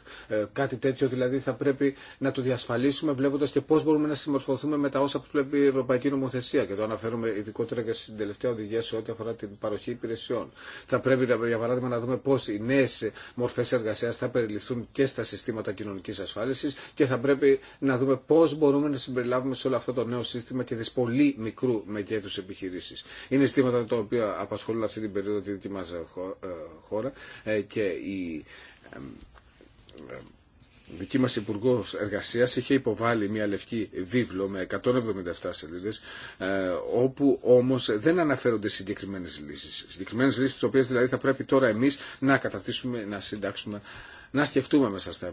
Κάτι τέτοιο δηλαδή θα πρέπει να το διασφαλίσουμε βλέποντας και πώς μπορούμε να συμμορφωθούμε με τα όσα βλέπει η Ευρωπαϊκή Νομοθεσία νομοθεσία και το αναφέρουμε ειδικότερα και στην τελευταία οδηγία σε ό,τι αφορά την παροχή υπηρεσιών. Θα πρέπει, για παράδειγμα, να δούμε πώ οι νέε μορφέ εργασία θα περιληφθούν και στα συστήματα κοινωνική ασφάλιση και θα πρέπει να δούμε πώ μπορούμε να συμπεριλάβουμε σε όλο αυτό το νέο σύστημα και τι πολύ μικρού μεγέθου επιχειρήσει. Είναι ζητήματα τα οποία απασχολούν αυτή την περίοδο τη δική μα ε, ε, χώρα ε, και η δική μας Υπουργό Εργασίας είχε υποβάλει μια λευκή βίβλο με 177 σελίδες ε, όπου όμως δεν αναφέρονται συγκεκριμένες λύσεις. Συγκεκριμένες λύσεις τις οποίες δηλαδή θα πρέπει τώρα εμείς να καταρτήσουμε, να συντάξουμε να σκεφτούμε μέσα στα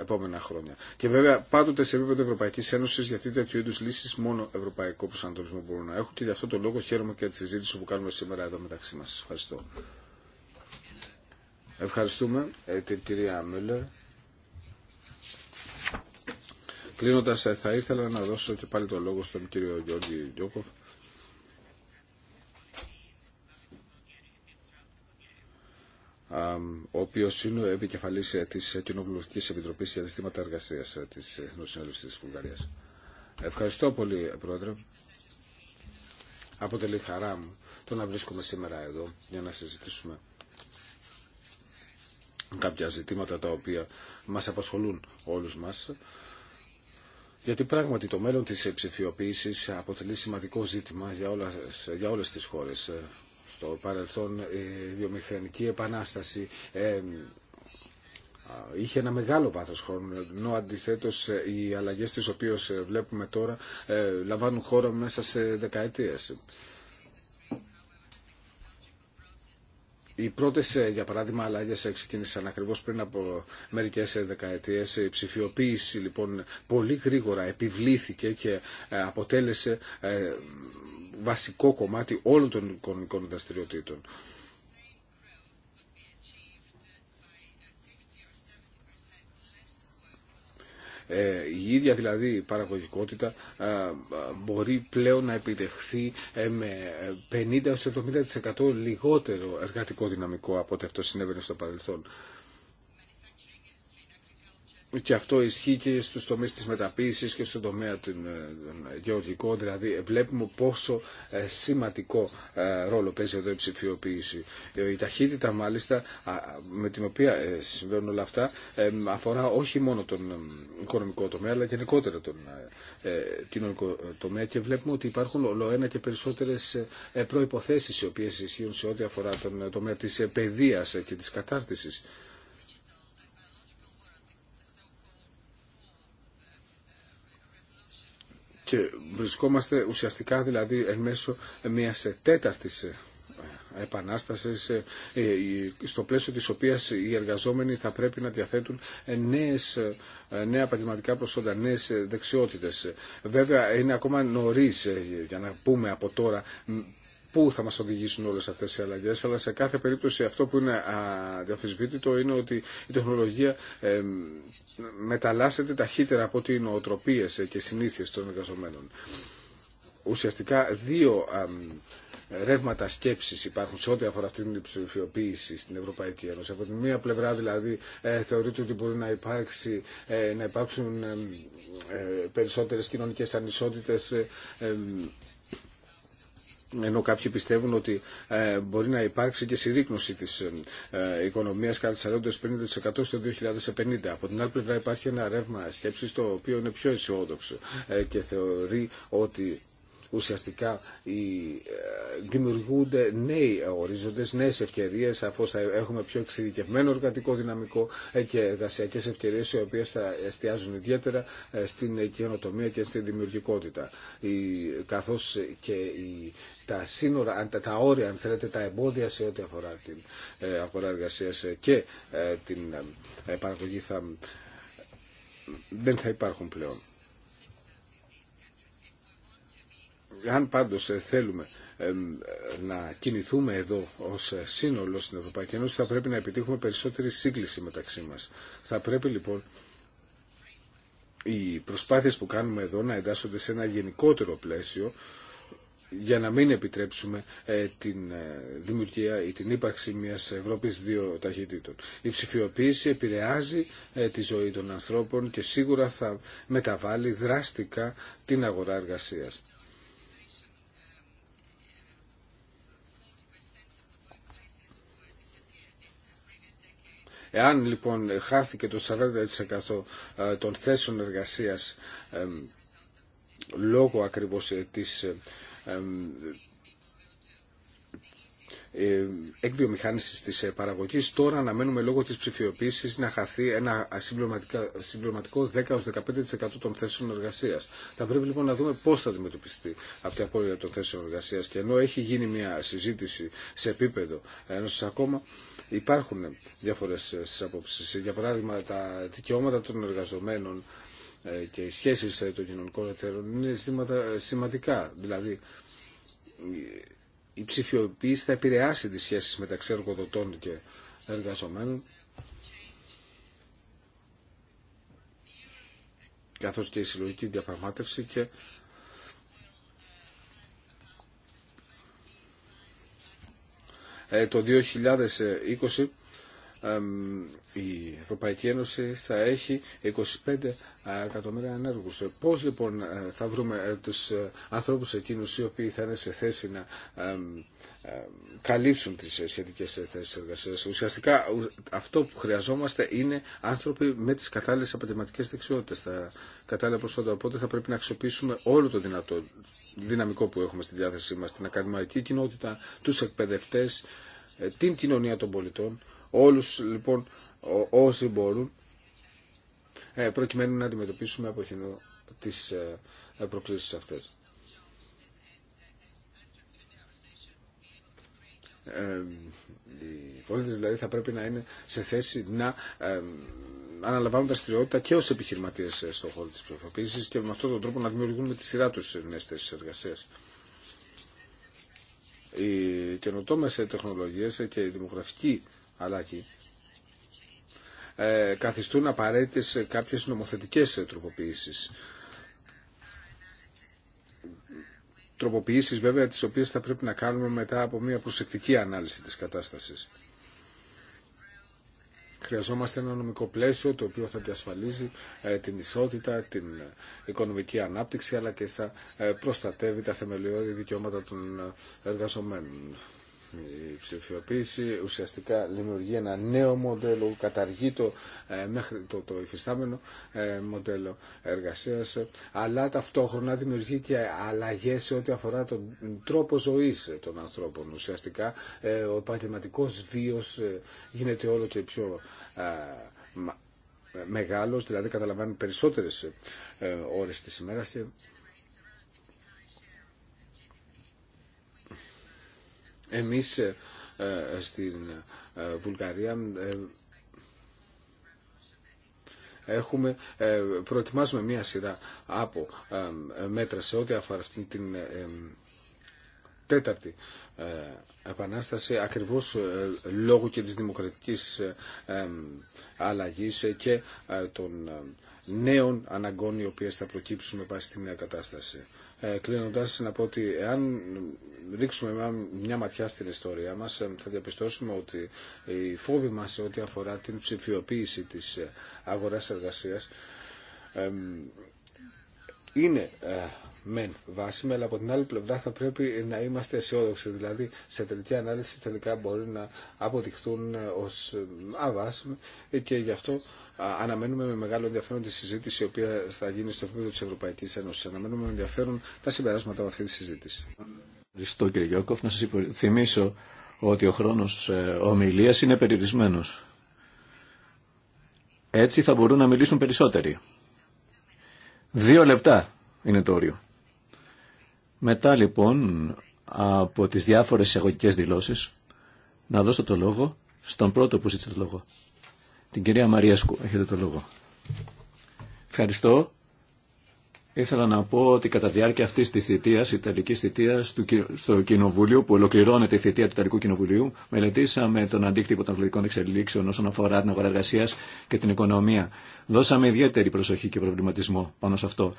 επόμενα χρόνια. Και βέβαια πάντοτε σε επίπεδο Ευρωπαϊκή Ένωση γιατί τέτοιου είδου λύσει μόνο ευρωπαϊκό προσανατολισμό μπορούν να έχουν και γι' αυτό το λόγο χαίρομαι και τη συζήτηση που κάνουμε σήμερα εδώ μεταξύ μα. Ευχαριστώ. Ευχαριστούμε ε, την κυρία Μίλλερ. Κλείνοντας ε, θα ήθελα να δώσω και πάλι το λόγο στον κύριο Γιώργη Γιώκοφ ο οποίο είναι ο επικεφαλή ε, τη Κοινοβουλευτική Επιτροπή για Συστήματα Εργασία ε, τη Εθνοσυνέλευση τη Βουλγαρία. Ευχαριστώ πολύ, Πρόεδρε. Αποτελεί χαρά μου το να βρίσκομαι σήμερα εδώ για να συζητήσουμε κάποια ζητήματα τα οποία μας απασχολούν όλους μας γιατί πράγματι το μέλλον της ψηφιοποίησης αποτελεί σημαντικό ζήτημα για, όλα, για όλες τις χώρες. Στο παρελθόν η βιομηχανική επανάσταση είχε ένα μεγάλο βάθος χρόνου, ενώ αντιθέτως οι αλλαγές τις οποίες βλέπουμε τώρα ε, λαμβάνουν χώρα μέσα σε δεκαετίες. οι πρώτε, ε, για παράδειγμα, αλλαγέ ξεκίνησαν ακριβώ πριν από μερικέ ε, δεκαετίε. Η ψηφιοποίηση λοιπόν πολύ γρήγορα επιβλήθηκε και ε, αποτέλεσε βασικό κομμάτι όλων των οικονομικών δραστηριοτήτων. Ε, η ίδια δηλαδή παραγωγικότητα ε, μπορεί πλέον να επιτευχθεί ε, με 50-70% λιγότερο εργατικό δυναμικό από ό,τι αυτό συνέβαινε στο παρελθόν και αυτό ισχύει και στου τομεί της μεταποίηση και στον τομέα των ε, γεωργικών. Δηλαδή ε, βλέπουμε πόσο ε, σημαντικό ρόλο παίζει εδώ η ψηφιοποίηση. Η ταχύτητα μάλιστα με την οποία συμβαίνουν όλα αυτά αφορά όχι μόνο τον οικονομικό τομέα αλλά γενικότερα τον κοινωνικό τομέα και βλέπουμε ότι υπάρχουν ολοένα και περισσότερε προποθέσει, οι οποίε ισχύουν σε ό,τι αφορά τον τομέα τη παιδεία και τη κατάρτιση. και βρισκόμαστε ουσιαστικά δηλαδή εν μέσω μιας τέταρτης ε, επανάστασης ε, ε, στο πλαίσιο της οποίας οι εργαζόμενοι θα πρέπει να διαθέτουν νέες, νέα επαγγελματικά προσόντα, νέες δεξιότητες. Βέβαια είναι ακόμα νωρίς για να πούμε από τώρα πού θα μας οδηγήσουν όλες αυτές οι αλλαγές, αλλά σε κάθε περίπτωση αυτό που είναι αδιαφυσβήτητο είναι ότι η τεχνολογία μεταλλάσσεται ταχύτερα από ό,τι οι νοοτροπίες και συνήθειες των εργαζομένων. Ουσιαστικά δύο ρεύματα σκέψης υπάρχουν σε ό,τι αφορά αυτή την ψηφιοποίηση στην Ευρωπαϊκή Ένωση. Από τη μία πλευρά δηλαδή ε, θεωρείται ότι μπορεί να, υπάρξει, ε, να υπάρξουν ε, περισσότερες κοινωνικές ανισότητες ενώ κάποιοι πιστεύουν ότι ε, μπορεί να υπάρξει και συρρήκνωση της ε, ε, οικονομίας κατά 40-50% στο 2050. Από την άλλη πλευρά υπάρχει ένα ρεύμα σκέψη, το οποίο είναι πιο αισιόδοξο και θεωρεί ότι ουσιαστικά ε, δημιουργούνται νέοι ορίζοντες, νέες ευκαιρίες, αφού θα έχουμε πιο εξειδικευμένο εργατικό δυναμικό ε, και εργασιακές ευκαιρίες οι οποίες θα εστιάζουν ιδιαίτερα ε, στην καινοτομία και στην δημιουργικότητα. Καθώς και η τα σύνορα, τα όρια, αν θέλετε, τα εμπόδια σε ό,τι αφορά την αγορά εργασία και την παραγωγή θα, δεν θα υπάρχουν πλέον. Αν πάντως ε, θέλουμε να κινηθούμε εδώ ως ε, σύνολο στην Ευρωπαϊκή Ένωση θα πρέπει να επιτύχουμε περισσότερη σύγκληση μεταξύ μας. Θα πρέπει λοιπόν οι προσπάθειες που κάνουμε εδώ να εντάσσονται σε ένα γενικότερο πλαίσιο για να μην επιτρέψουμε ε, την δημιουργία ή την ύπαρξη μιας Ευρώπης δύο ταχυτήτων. Η ψηφιοποίηση επηρεάζει τη ζωή των ανθρώπων και σίγουρα θα μεταβάλει δράστικα την αγορά εργασίας. Εάν λοιπόν χάθηκε το 40% ε, των θέσεων εργασίας λόγω ακριβώς ε, της ε, εκβιομηχάνησης της παραγωγής. Τώρα αναμένουμε λόγω της ψηφιοποίησης να χαθεί ένα συμπληρωματικό 10-15% των θέσεων εργασίας. Θα πρέπει λοιπόν να δούμε πώς θα αντιμετωπιστεί αυτή η απώλεια των θέσεων εργασίας. Και ενώ έχει γίνει μια συζήτηση σε επίπεδο ενός ακόμα, υπάρχουν διάφορες ε, στις Για παράδειγμα, τα δικαιώματα των εργαζομένων ε, και οι σχέσεις ε, των κοινωνικών εταίρων είναι σημαντικά. Δηλαδή, η ψηφιοποίηση θα επηρεάσει τις σχέσεις μεταξύ εργοδοτών και εργαζομένων καθώς και η συλλογική διαπραγμάτευση και Ε, το 2020 η Ευρωπαϊκή Ένωση θα έχει 25 ε, εκατομμύρια ενέργους. Ε, πώς λοιπόν θα βρούμε τους ανθρώπους εκείνους οι οποίοι θα είναι σε θέση να καλύψουν τις σχετικές θέσεις εργασίας. Ουσιαστικά αυτό που χρειαζόμαστε είναι άνθρωποι με τις κατάλληλες αποτελεσματικές δεξιότητες, τα κατάλληλα προσόντα. Οπότε θα πρέπει να αξιοποιήσουμε όλο το δυνατό δυναμικό που έχουμε στη διάθεσή μας, την ακαδημαϊκή κοινότητα, τους εκπαιδευτές, ε, την κοινωνία των πολιτών, όλους λοιπόν όσοι μπορούν, ε, προκειμένου να αντιμετωπίσουμε από κοινό τις ε, προκλήσεις αυτές. οι πολίτες δηλαδή θα πρέπει να είναι σε θέση να αναλαμβάνουν δραστηριότητα και ω επιχειρηματίε ε, στον χώρο τη και με αυτόν τον τρόπο να δημιουργούν με τη σειρά του νέε θέσει εργασία. Οι καινοτόμε τεχνολογίε ε, και η δημογραφική αλλαγή ε, καθιστούν απαραίτητε κάποιε νομοθετικέ τροποποιήσει. Τροποποιήσεις βέβαια τις οποίες θα πρέπει να κάνουμε μετά από μια προσεκτική ανάλυση τη κατάσταση. Χρειαζόμαστε ένα νομικό πλαίσιο το οποίο θα διασφαλίζει ε, την ισότητα, την ε, οικονομική ανάπτυξη αλλά και θα ε, προστατεύει τα θεμελιώδη δικαιώματα των εργαζομένων. Η ψηφιοποίηση ουσιαστικά δημιουργεί ένα νέο μοντέλο, καταργεί το, ε, μέχρι το, το υφιστάμενο ε, μοντέλο εργασίας, αλλά ταυτόχρονα δημιουργεί και αλλαγές σε ό,τι αφορά τον τρόπο ζωής των ανθρώπων. Ουσιαστικά ε, ο επαγγελματικό βίος γίνεται όλο και πιο μεγάλος, δηλαδή καταλαμβάνει περισσότερες ώρες της ημέρας και Εμείς ε, ε, στην ε, Βουλγαρία έχουμε, προετοιμάζουμε μία σειρά από μέτρα σε ό,τι αφορά αυτή την τέταρτη επανάσταση ακριβώς λόγω και της δημοκρατικής αλλαγής και των νέων αναγκών οι οποίες θα προκύψουν με πάση την νέα κατάσταση. Ε, κλείνοντας να πω ότι εάν ρίξουμε μια ματιά στην ιστορία μας ε, θα διαπιστώσουμε ότι η φόβη μας σε ό,τι αφορά την ψηφιοποίηση της ε, αγοράς εργασίας είναι μεν βάσιμε, αλλά από την άλλη πλευρά θα πρέπει να είμαστε αισιόδοξοι. Δηλαδή, σε τελική ανάλυση τελικά μπορεί να αποδειχθούν ε, ω ε, αβάσιμε και γι' αυτό αναμένουμε με μεγάλο ενδιαφέρον τη συζήτηση η οποία θα γίνει στο επίπεδο τη Ευρωπαϊκή Ένωση. Αναμένουμε με ενδιαφέρον τα συμπεράσματα από αυτή τη συζήτηση. Ευχαριστώ κύριε Γιώκοφ. Να σα θυμίσω ότι ο χρόνο ε, ομιλία είναι περιορισμένο. Έτσι θα μπορούν να μιλήσουν περισσότεροι. Δύο λεπτά είναι το όριο. Μετά λοιπόν από τις διάφορες εισαγωγικέ δηλώσεις να δώσω το λόγο στον πρώτο που ζήτησε το λόγο. Την κυρία Μαρία Σκου. έχετε το λόγο. Ευχαριστώ. Ήθελα να πω ότι κατά διάρκεια αυτής της θητείας, η Ιταλικής θητείας στο Κοινοβούλιο, που ολοκληρώνεται η θητεία του Ιταλικού Κοινοβουλίου, μελετήσαμε τον αντίκτυπο των εκλογικών εξελίξεων όσον αφορά την αγορά εργασία και την οικονομία. Δώσαμε ιδιαίτερη προσοχή και προβληματισμό πάνω σε αυτό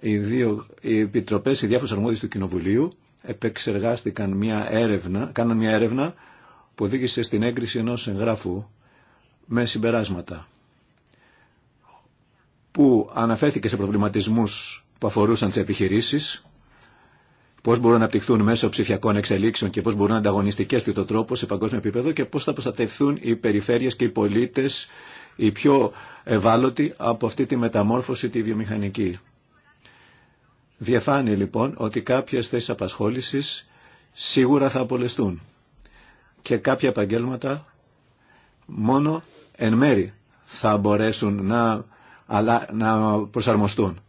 οι δύο οι επιτροπές, οι διάφορες αρμόδιες του Κοινοβουλίου επεξεργάστηκαν μια έρευνα, κάναν μια έρευνα που οδήγησε στην έγκριση ενός εγγράφου με συμπεράσματα που αναφέρθηκε σε προβληματισμούς που αφορούσαν τις επιχειρήσεις, πώς μπορούν να απτυχθούν μέσω ψηφιακών εξελίξεων και πώς μπορούν να ανταγωνιστικές του το τρόπο σε παγκόσμιο επίπεδο και πώς θα προστατευθούν οι περιφέρειες και οι πολίτες οι πιο ευάλωτοι από αυτή τη μεταμόρφωση τη βιομηχανική. Διαφάνει λοιπόν ότι κάποιες θέσεις απασχόλησης σίγουρα θα απολεστούν και κάποια επαγγέλματα μόνο εν μέρη θα μπορέσουν να, αλλά, να προσαρμοστούν.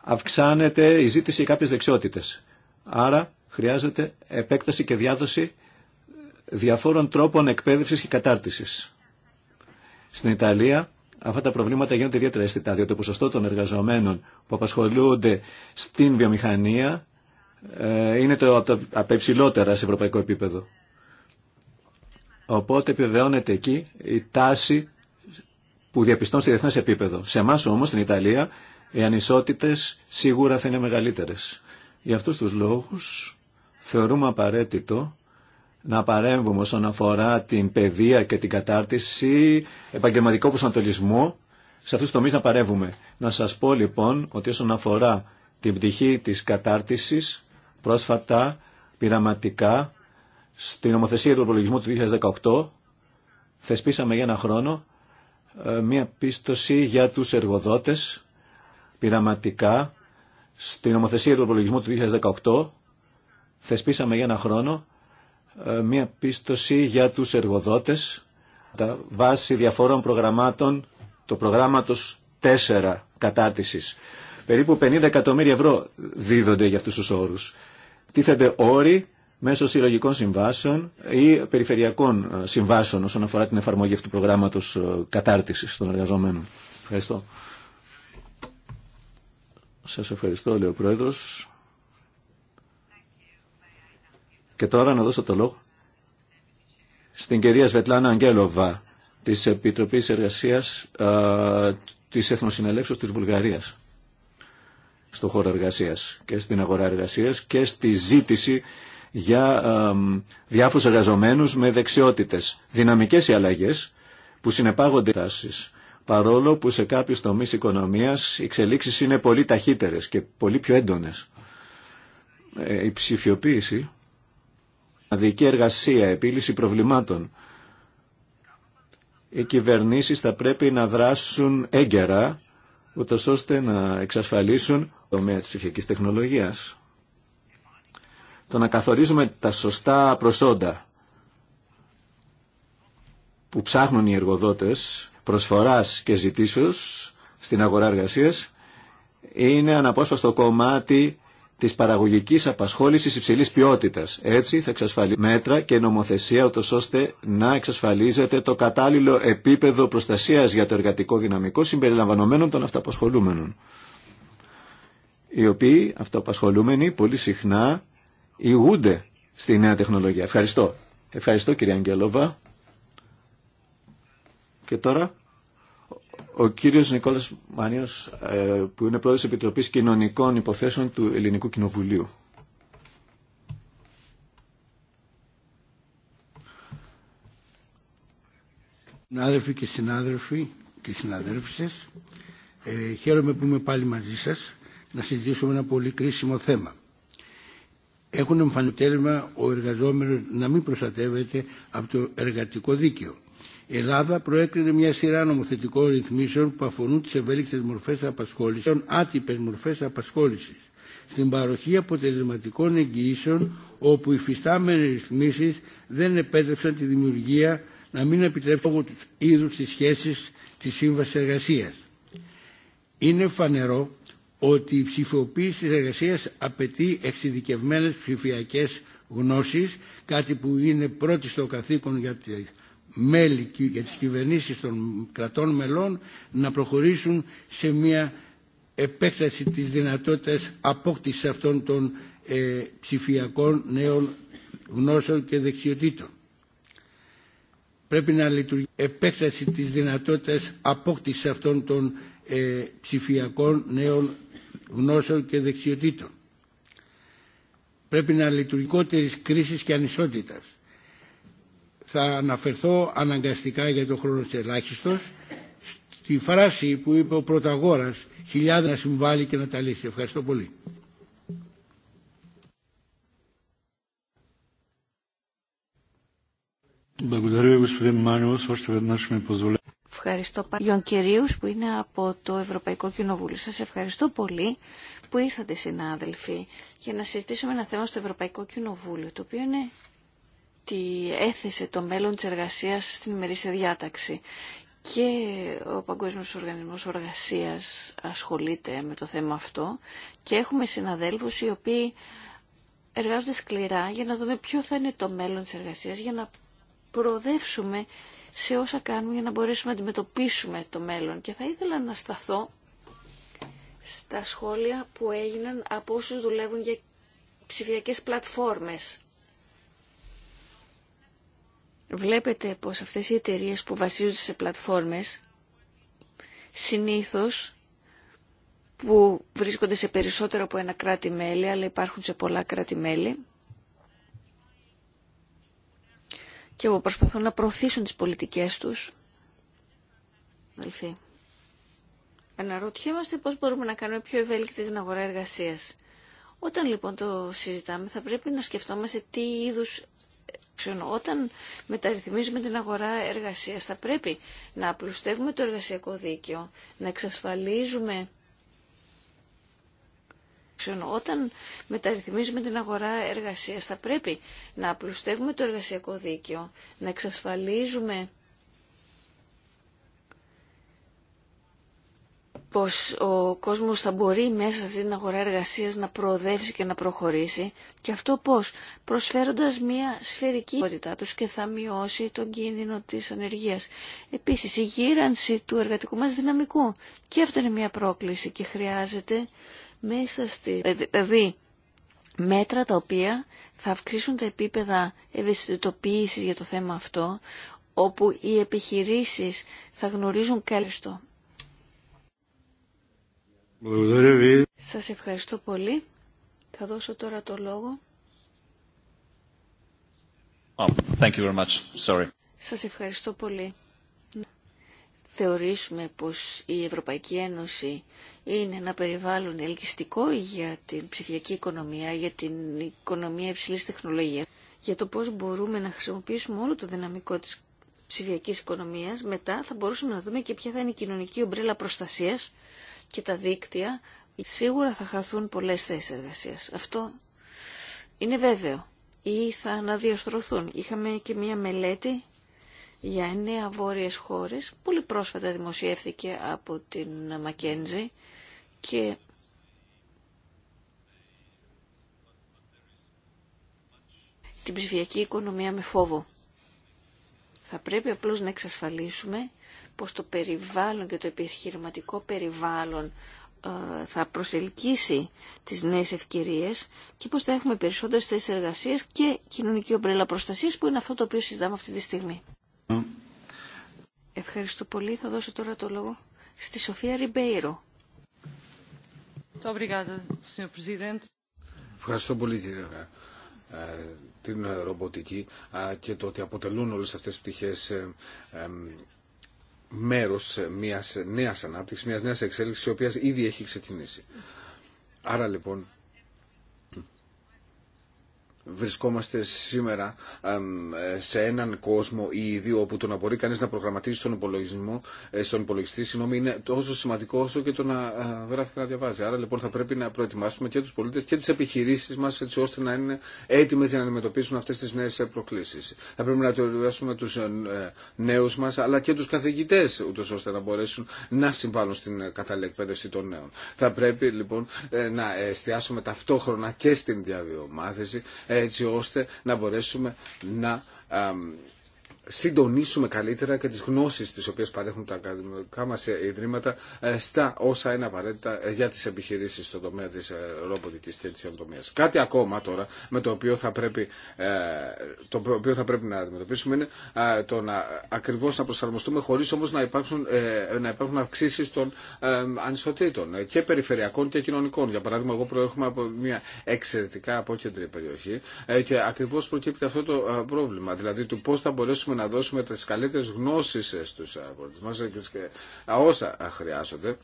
Αυξάνεται η ζήτηση κάποιες δεξιότητες. Άρα χρειάζεται επέκταση και διάδοση διαφόρων τρόπων εκπαίδευσης και κατάρτισης. Στην Ιταλία αυτά τα προβλήματα γίνονται ιδιαίτερα αισθητά, διότι το ποσοστό των εργαζομένων που απασχολούνται στην βιομηχανία ε, είναι το, από, τα, από τα υψηλότερα σε ευρωπαϊκό επίπεδο. Οπότε επιβεβαιώνεται εκεί η τάση που διαπιστώνει σε διεθνέ επίπεδο. Σε εμά όμως, στην Ιταλία, οι ανισότητες σίγουρα θα είναι μεγαλύτερες. Για αυτού του λόγου θεωρούμε απαραίτητο να παρέμβουμε όσον αφορά την παιδεία και την κατάρτιση, επαγγελματικό προσανατολισμό, σε αυτούς τους τομείς να παρέμβουμε. Να σας πω λοιπόν ότι όσον αφορά την πτυχή της κατάρτισης, πρόσφατα, πειραματικά, στην Ομοθεσία του υπολογισμού του 2018, θεσπίσαμε για ένα χρόνο ε, μία πίστοση για τους εργοδότες, πειραματικά, στην Ομοθεσία του του 2018, θεσπίσαμε για ένα χρόνο ε, μια πίστοση για τους εργοδότες τα βάση διαφόρων προγραμμάτων το προγράμματος 4 κατάρτισης. Περίπου 50 εκατομμύρια ευρώ δίδονται για αυτούς τους όρους. Τίθενται όροι μέσω συλλογικών συμβάσεων ή περιφερειακών ε, συμβάσεων όσον αφορά την εφαρμογή αυτού του προγράμματος ε, κατάρτισης των εργαζομένων. Ευχαριστώ. Σας ευχαριστώ, λέει ο Πρόεδρος. Και τώρα να δώσω το λόγο στην κυρία Σβετλάνα Αγγέλοβα της Επιτροπής Εργασίας τη της Εθνοσυνελεύσεως της Βουλγαρίας στο χώρο εργασίας και στην αγορά εργασίας και στη ζήτηση για διάφορου διάφορους εργαζομένους με δεξιότητες. Δυναμικές οι αλλαγές που συνεπάγονται τάσεις παρόλο που σε κάποιους τομείς οικονομίας οι εξελίξεις είναι πολύ ταχύτερες και πολύ πιο έντονες. Ε, η ψηφιοποίηση δική εργασία, επίλυση προβλημάτων. Οι κυβερνήσεις θα πρέπει να δράσουν έγκαιρα, ούτως ώστε να εξασφαλίσουν το τομέα της ψυχικής τεχνολογίας. Το να καθορίζουμε τα σωστά προσόντα που ψάχνουν οι εργοδότες προσφοράς και ζητήσεως στην αγορά εργασίας είναι αναπόσπαστο κομμάτι Τη παραγωγική απασχόληση υψηλή ποιότητα. Έτσι θα εξασφαλίσει μέτρα και νομοθεσία ώστε να εξασφαλίζεται το κατάλληλο επίπεδο προστασία για το εργατικό δυναμικό συμπεριλαμβανομένων των αυτοαπασχολούμενων, Οι οποίοι αυτοαπασχολούμενοι πολύ συχνά ηγούνται στη νέα τεχνολογία. Ευχαριστώ. Ευχαριστώ κύριε Αγγελόβα. Και τώρα ο κύριος Νικόλας Μάνιος, ε, που είναι πρόεδρος Επιτροπής Κοινωνικών Υποθέσεων του Ελληνικού Κοινοβουλίου. Συνάδελφοι και συνάδελφοι και συναδέλφισες, ε, χαίρομαι που είμαι πάλι μαζί σας να συζητήσουμε ένα πολύ κρίσιμο θέμα. Έχουν εμφανιτέλημα ο εργαζόμενος να μην προστατεύεται από το εργατικό δίκαιο η Ελλάδα προέκρινε μια σειρά νομοθετικών ρυθμίσεων που αφορούν τι ευέλικτε μορφέ απασχόληση, άτυπε μορφέ απασχόληση, στην παροχή αποτελεσματικών εγγυήσεων, όπου οι φυστάμενε ρυθμίσει δεν επέτρεψαν τη δημιουργία να μην επιτρέψουν λόγω του είδου τη σχέση τη σύμβαση εργασία. Είναι φανερό ότι η ψηφιοποίηση τη εργασία απαιτεί εξειδικευμένε ψηφιακέ γνώσει, κάτι που είναι πρώτη στο καθήκον για τις μέλη και για τις κυβερνήσεις των κρατών μελών να προχωρήσουν σε μια επέκταση της δυνατότητας απόκτησης αυτών των ε, ψηφιακών νέων γνώσεων και δεξιοτήτων. Πρέπει να λειτουργεί επέκταση της δυνατότητας απόκτησης αυτών των ε, ψηφιακών νέων γνώσεων και δεξιοτήτων. Πρέπει να λειτουργικότερης κρίσης και ανισότητας θα αναφερθώ αναγκαστικά για το χρόνο της ελάχιστος στη φράση που είπε ο Πρωταγόρας χιλιάδες να συμβάλλει και να τα λύσει. Ευχαριστώ πολύ. Ευχαριστώ Γιον Κυρίους που είναι από το Ευρωπαϊκό Κοινοβούλιο. Σας ευχαριστώ πολύ που ήρθατε συνάδελφοι για να συζητήσουμε ένα θέμα στο Ευρωπαϊκό Κοινοβούλιο το οποίο είναι ότι έθεσε το μέλλον της εργασίας στην ημερήσια διάταξη. Και ο Παγκόσμιος Οργανισμός Εργασίας ασχολείται με το θέμα αυτό και έχουμε συναδέλφους οι οποίοι εργάζονται σκληρά για να δούμε ποιο θα είναι το μέλλον της εργασίας, για να προοδεύσουμε σε όσα κάνουμε για να μπορέσουμε να αντιμετωπίσουμε το μέλλον. Και θα ήθελα να σταθώ στα σχόλια που έγιναν από όσους δουλεύουν για ψηφιακές πλατφόρμες βλέπετε πως αυτές οι εταιρείες που βασίζονται σε πλατφόρμες συνήθως που βρίσκονται σε περισσότερο από ένα κράτη-μέλη, αλλά υπάρχουν σε πολλά κράτη-μέλη και που προσπαθούν να προωθήσουν τις πολιτικές τους. αναρωτιόμαστε πώς μπορούμε να κάνουμε πιο ευέλικτη την αγορά εργασίας. Όταν λοιπόν το συζητάμε θα πρέπει να σκεφτόμαστε τι είδους Action. Όταν μεταρρυθμίζουμε την αγορά εργασίας θα πρέπει να απλουστεύουμε το εργασιακό δίκαιο, να εξασφαλίζουμε όταν μεταρρυθμίζουμε την αγορά εργασία, θα πρέπει να απλουστεύουμε το εργασιακό δίκαιο, να εξασφαλίζουμε πως ο κόσμος θα μπορεί μέσα σε αγορά εργασίας να προοδεύσει και να προχωρήσει και αυτό πως προσφέροντας μια σφαιρική ποιότητά τους και θα μειώσει τον κίνδυνο της ανεργίας. Επίσης η γύρανση του εργατικού μας δυναμικού και αυτό είναι μια πρόκληση και χρειάζεται μέσα στη... Ε, δηλαδή μέτρα τα οποία θα αυξήσουν τα επίπεδα ευαισθητοποίησης για το θέμα αυτό όπου οι επιχειρήσεις θα γνωρίζουν καλύτερα σας ευχαριστώ πολύ. Θα δώσω τώρα το λόγο. Oh, Σας ευχαριστώ πολύ. Θεωρήσουμε πως η Ευρωπαϊκή Ένωση είναι ένα περιβάλλον ελκυστικό για την ψηφιακή οικονομία, για την οικονομία υψηλής τεχνολογίας, για το πώς μπορούμε να χρησιμοποιήσουμε όλο το δυναμικό της ψηφιακής οικονομίας. Μετά θα μπορούσαμε να δούμε και ποια θα είναι η κοινωνική ομπρέλα προστασίας και τα δίκτυα, σίγουρα θα χαθούν πολλές θέσεις εργασίας. Αυτό είναι βέβαιο. Ή θα αναδιαστρωθούν. Είχαμε και μία μελέτη για εννέα βόρειες χώρες, πολύ πρόσφατα δημοσιεύθηκε από την Μακέντζη και την ψηφιακή οικονομία με φόβο. Θα πρέπει απλώς να εξασφαλίσουμε πως το περιβάλλον και το επιχειρηματικό περιβάλλον ε, θα προσελκύσει τις νέες ευκαιρίες και πως θα έχουμε περισσότερες θέσεις εργασίας και κοινωνική ομπρέλα προστασίας που είναι αυτό το οποίο συζητάμε αυτή τη στιγμή. Ευχαριστώ πολύ. Θα δώσω τώρα το λόγο στη Σοφία Ριμπέιρο. Ευχαριστώ πολύ κύριε ε, την ε, ρομποτική και το ότι αποτελούν όλες αυτές τις πτυχές μέρος μιας νέας ανάπτυξης, μιας νέας εξέλιξης, η οποία ήδη έχει ξεκινήσει. Άρα λοιπόν βρισκόμαστε σήμερα σε έναν κόσμο ή δύο όπου το να μπορεί κανείς να προγραμματίζει τον υπολογισμό, ε, στον υπολογιστή συγγνώμη, είναι τόσο σημαντικό όσο και το να ε, γράφει και να διαβάζει. Άρα λοιπόν θα πρέπει να προετοιμάσουμε και τους πολίτες και τις επιχειρήσεις μας έτσι ώστε να είναι έτοιμες για να αντιμετωπίσουν αυτές τις νέες προκλήσεις. Θα πρέπει να τελειώσουμε τους ε, νέους μας αλλά και τους καθηγητές ούτως ώστε να μπορέσουν να συμβάλλουν στην κατάλληλη εκπαίδευση των νέων. Θα πρέπει λοιπόν να εστιάσουμε ταυτόχρονα και στην διαβιομάθηση έτσι ώστε να μπορέσουμε να συντονίσουμε καλύτερα και τις γνώσεις τις οποίες παρέχουν τα ακαδημαϊκά μας ιδρύματα ε, στα όσα είναι απαραίτητα ε, για τις επιχειρήσεις στον τομέα της ε, ρομποτικής και της ιοντομίας. Κάτι ακόμα τώρα με το οποίο θα πρέπει, το οποίο θα πρέπει να αντιμετωπίσουμε είναι το να ακριβώς να προσαρμοστούμε χωρίς όμως να υπάρχουν, να υπάρχουν αυξήσεις των ανισοτήτων και περιφερειακών και κοινωνικών. Για παράδειγμα εγώ προέρχομαι από μια εξαιρετικά απόκεντρη περιοχή και ακριβώς προκύπτει αυτό το πρόβλημα, δηλαδή του πώς θα μπορέσουμε μπορέσουμε να δώσουμε τις καλύτερες γνώσεις στους αγρότες μας και όσα χρειάζονται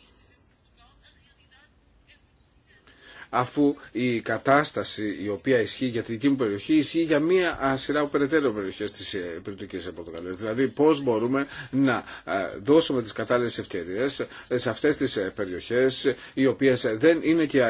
αφού η κατάσταση η οποία ισχύει για τη δική μου περιοχή ισχύει για μία σειρά περαιτέρω περιοχέ τη ε, Πυρτουκή Πορτογαλία. Δηλαδή, πώ μπορούμε να ε, δώσουμε τι κατάλληλε ευκαιρίε ε, σε αυτέ τι περιοχέ, οι οποίε δεν είναι και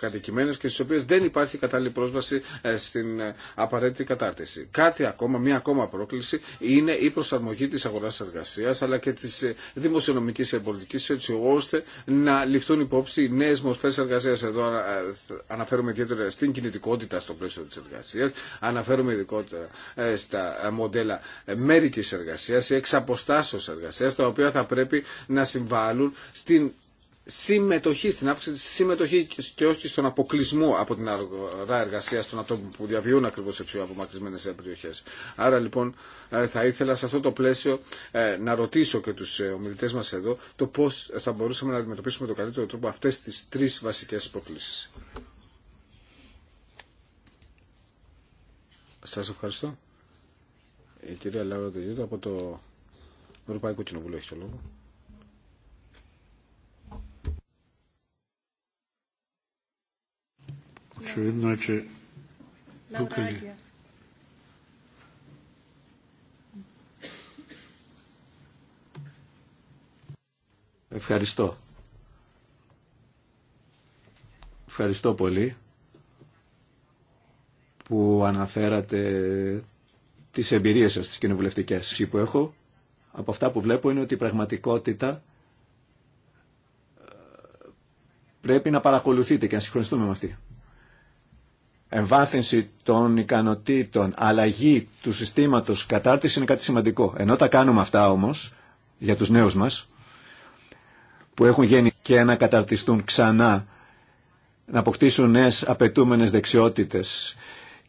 κατοικημένε και στι οποίε δεν υπάρχει κατάλληλη πρόσβαση στην απαραίτητη κατάρτιση. Κάτι ακόμα, μία ακόμα πρόκληση είναι η προσαρμογή τη αγορά-εργασία αλλά και τη δημοσιονομική πολιτική, έτσι ώστε να ληφθούν υπόψη οι νέε μορφέ εργασία. Εδώ αναφέρομαι ιδιαίτερα στην κινητικότητα στο πλαίσιο της εργασίας, αναφέρομαι ειδικότερα ε, στα μοντέλα ε, μέρικης εργασίας ή εξαποστάσεω εργασίας, τα οποία θα πρέπει να συμβάλλουν στην συμμετοχή, στην αύξηση συμμετοχή και όχι στον αποκλεισμό από την αγορά εργασία των ατόμων που διαβιούν ακριβώ σε πιο απομακρυσμένε περιοχέ. Άρα λοιπόν ε, θα ήθελα σε αυτό το πλαίσιο ε, να ρωτήσω και τους ε, ομιλητές μας εδώ το πώς θα μπορούσαμε να αντιμετωπίσουμε το καλύτερο τρόπο αυτές τις τρεις βασικές προκλήσει. Σα ευχαριστώ. Η κυρία Λάουρα από το Ευρωπαϊκό Κοινοβούλιο έχει το λόγο. Очевидно ναι. е, Ευχαριστώ. Ευχαριστώ πολύ που αναφέρατε τις εμπειρίες σας, τις κοινοβουλευτικές που έχω. Από αυτά που βλέπω είναι ότι η πραγματικότητα ε, πρέπει να παρακολουθείτε και να συγχρονιστούμε με αυτή εμβάθυνση των ικανοτήτων, αλλαγή του συστήματος κατάρτιση είναι κάτι σημαντικό. Ενώ τα κάνουμε αυτά όμως για τους νέους μας που έχουν γίνει και να καταρτιστούν ξανά, να αποκτήσουν νέες απαιτούμενες δεξιότητες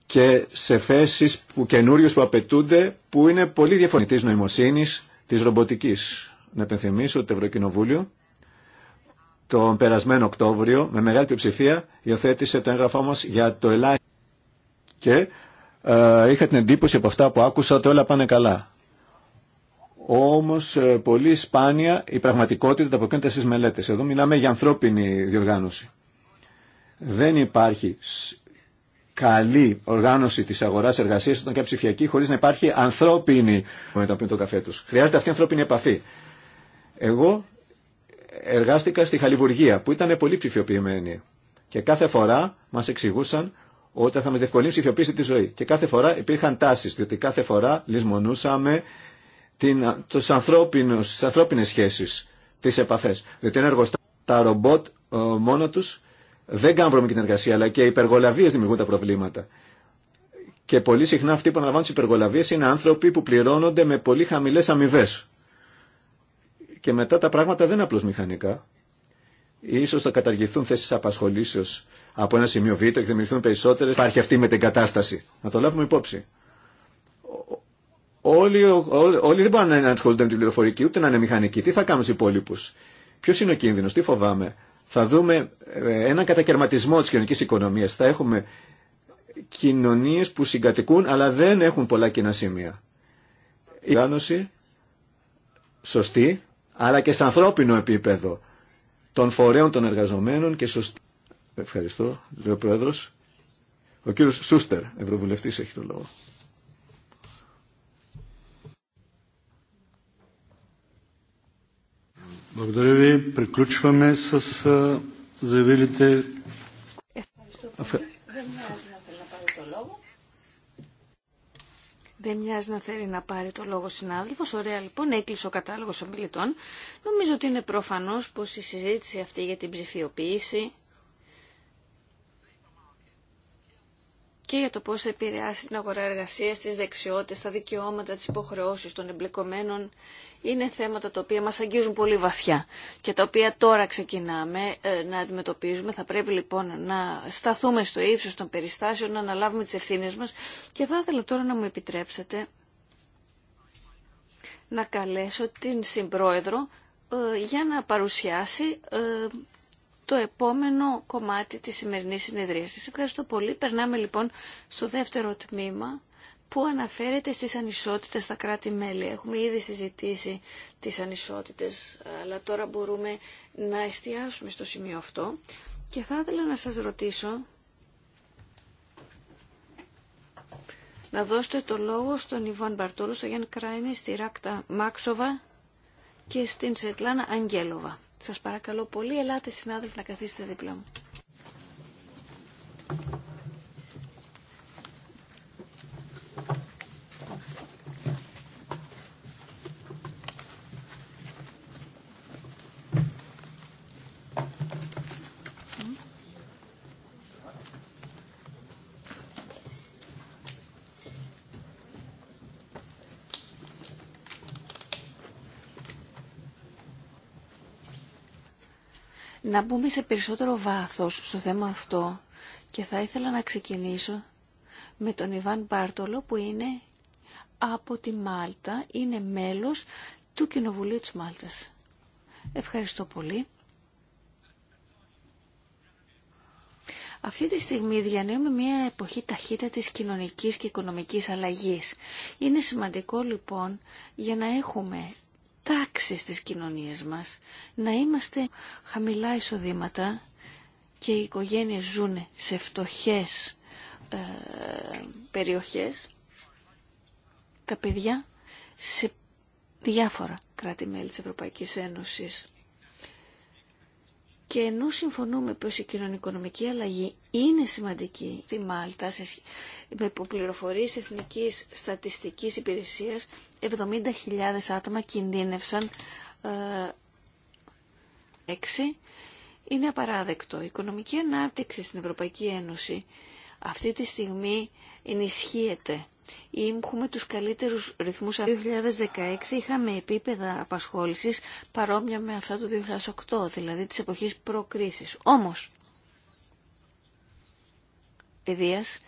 και σε θέσεις που καινούριου που απαιτούνται που είναι πολύ διαφορετικής νοημοσύνης της ρομποτικής. Να επενθυμίσω το Ευρωκοινοβούλιο τον περασμένο Οκτώβριο με μεγάλη πλειοψηφία υιοθέτησε το έγγραφό μας για το ελάχιστο και ε, είχα την εντύπωση από αυτά που άκουσα ότι όλα πάνε καλά. Όμως ε, πολύ σπάνια η πραγματικότητα τα αποκρίνεται στις μελέτες. Εδώ μιλάμε για ανθρώπινη διοργάνωση. Δεν υπάρχει καλή οργάνωση της αγοράς εργασίας όταν και ψηφιακή χωρίς να υπάρχει ανθρώπινη με το καφέ τους. Χρειάζεται αυτή η ανθρώπινη επαφή. Εγώ εργάστηκα στη Χαλιβουργία που ήταν πολύ ψηφιοποιημένη και κάθε φορά μα εξηγούσαν ότι θα μας διευκολύνει ψηφιοποίηση τη ζωή και κάθε φορά υπήρχαν τάσει διότι κάθε φορά λησμονούσαμε τι ανθρώπινε σχέσει, τι επαφέ. διότι είναι εργοστά, τα ρομπότ ε, μόνο του δεν κάνουν βρωμική εργασία αλλά και οι υπεργολαβίε δημιουργούν τα προβλήματα. Και πολύ συχνά αυτοί που αναλαμβάνουν τι υπεργολαβίε είναι άνθρωποι που πληρώνονται με πολύ χαμηλέ αμοιβέ και μετά τα πράγματα δεν είναι απλώς μηχανικά. Ίσως θα καταργηθούν θέσεις απασχολήσεως από ένα σημείο Β και θα δημιουργηθούν περισσότερες. Υπάρχει αυτή με την κατάσταση. Να το λάβουμε υπόψη. Όλοι, όλοι, όλοι δεν μπορούν να ασχολούνται με την πληροφορική, ούτε να είναι μηχανικοί. Τι θα κάνουμε στου υπόλοιπου. Ποιο είναι ο κίνδυνος, τι φοβάμαι. Θα δούμε ε, έναν κατακαιρματισμό της κοινωνική οικονομία. Θα έχουμε κοινωνίε που συγκατοικούν, αλλά δεν έχουν πολλά κοινά σημεία. Η οργάνωση σωστή αλλά και σε ανθρώπινο επίπεδο των φορέων των εργαζομένων και σωστή. Ευχαριστώ, λέει ο πρόεδρο. Ο κύριος Σούστερ, Ευρωβουλευτής, έχει το λόγο. Ευχαριστώ. Δεν μοιάζει να θέλει να πάρει το λόγο συνάδελφο. Ωραία λοιπόν, έκλεισε ο κατάλογος ομιλητών. Νομίζω ότι είναι προφανώ πως η συζήτηση αυτή για την ψηφιοποίηση και για το πώς θα επηρεάσει την αγορά εργασία, τις δεξιότητες, τα δικαιώματα, τι υποχρεώσει των εμπλεκομένων είναι θέματα τα οποία μας αγγίζουν πολύ βαθιά και τα οποία τώρα ξεκινάμε ε, να αντιμετωπίζουμε. Θα πρέπει λοιπόν να σταθούμε στο ύψος των περιστάσεων, να αναλάβουμε τις ευθύνες μας και θα ήθελα τώρα να μου επιτρέψετε να καλέσω την Συμπρόεδρο ε, για να παρουσιάσει ε, το επόμενο κομμάτι της σημερινής συνεδρίας. Ευχαριστώ πολύ. Περνάμε λοιπόν στο δεύτερο τμήμα που αναφέρεται στις ανισότητες στα κράτη-μέλη. Έχουμε ήδη συζητήσει τις ανισότητες, αλλά τώρα μπορούμε να εστιάσουμε στο σημείο αυτό. Και θα ήθελα να σας ρωτήσω να δώσετε το λόγο στον Ιβάν Μπαρτόλου, στον Γιάννη Κράινη, στη Ράκτα Μάξοβα και στην Σετλάνα Αγγέλοβα. Σας παρακαλώ πολύ, ελάτε συνάδελφοι να καθίσετε δίπλα μου. να μπούμε σε περισσότερο βάθος στο θέμα αυτό και θα ήθελα να ξεκινήσω με τον Ιβάν Μπάρτολο που είναι από τη Μάλτα, είναι μέλος του Κοινοβουλίου της Μάλτας. Ευχαριστώ πολύ. Αυτή τη στιγμή διανύουμε μια εποχή της κοινωνικής και οικονομικής αλλαγής. Είναι σημαντικό λοιπόν για να έχουμε τάξεις στις κοινωνίες μας. Να είμαστε χαμηλά εισοδήματα και οι οικογένειες ζουν σε φτωχές ε, περιοχές. Τα παιδιά σε διάφορα κράτη-μέλη της Ευρωπαϊκής Ένωσης. Και ενώ συμφωνούμε πως η κοινωνικονομική αλλαγή είναι σημαντική στη Μάλτα με υποπληροφορίες Εθνικής Στατιστικής Υπηρεσίας 70.000 άτομα κινδύνευσαν ε, 6. Είναι απαράδεκτο. Η οικονομική ανάπτυξη στην Ευρωπαϊκή Ένωση αυτή τη στιγμή ενισχύεται. Έχουμε τους καλύτερους ρυθμούς. Το 2016 είχαμε επίπεδα απασχόλησης παρόμοια με αυτά του 2008, δηλαδή της εποχής προκρίσης. Όμως, παιδείας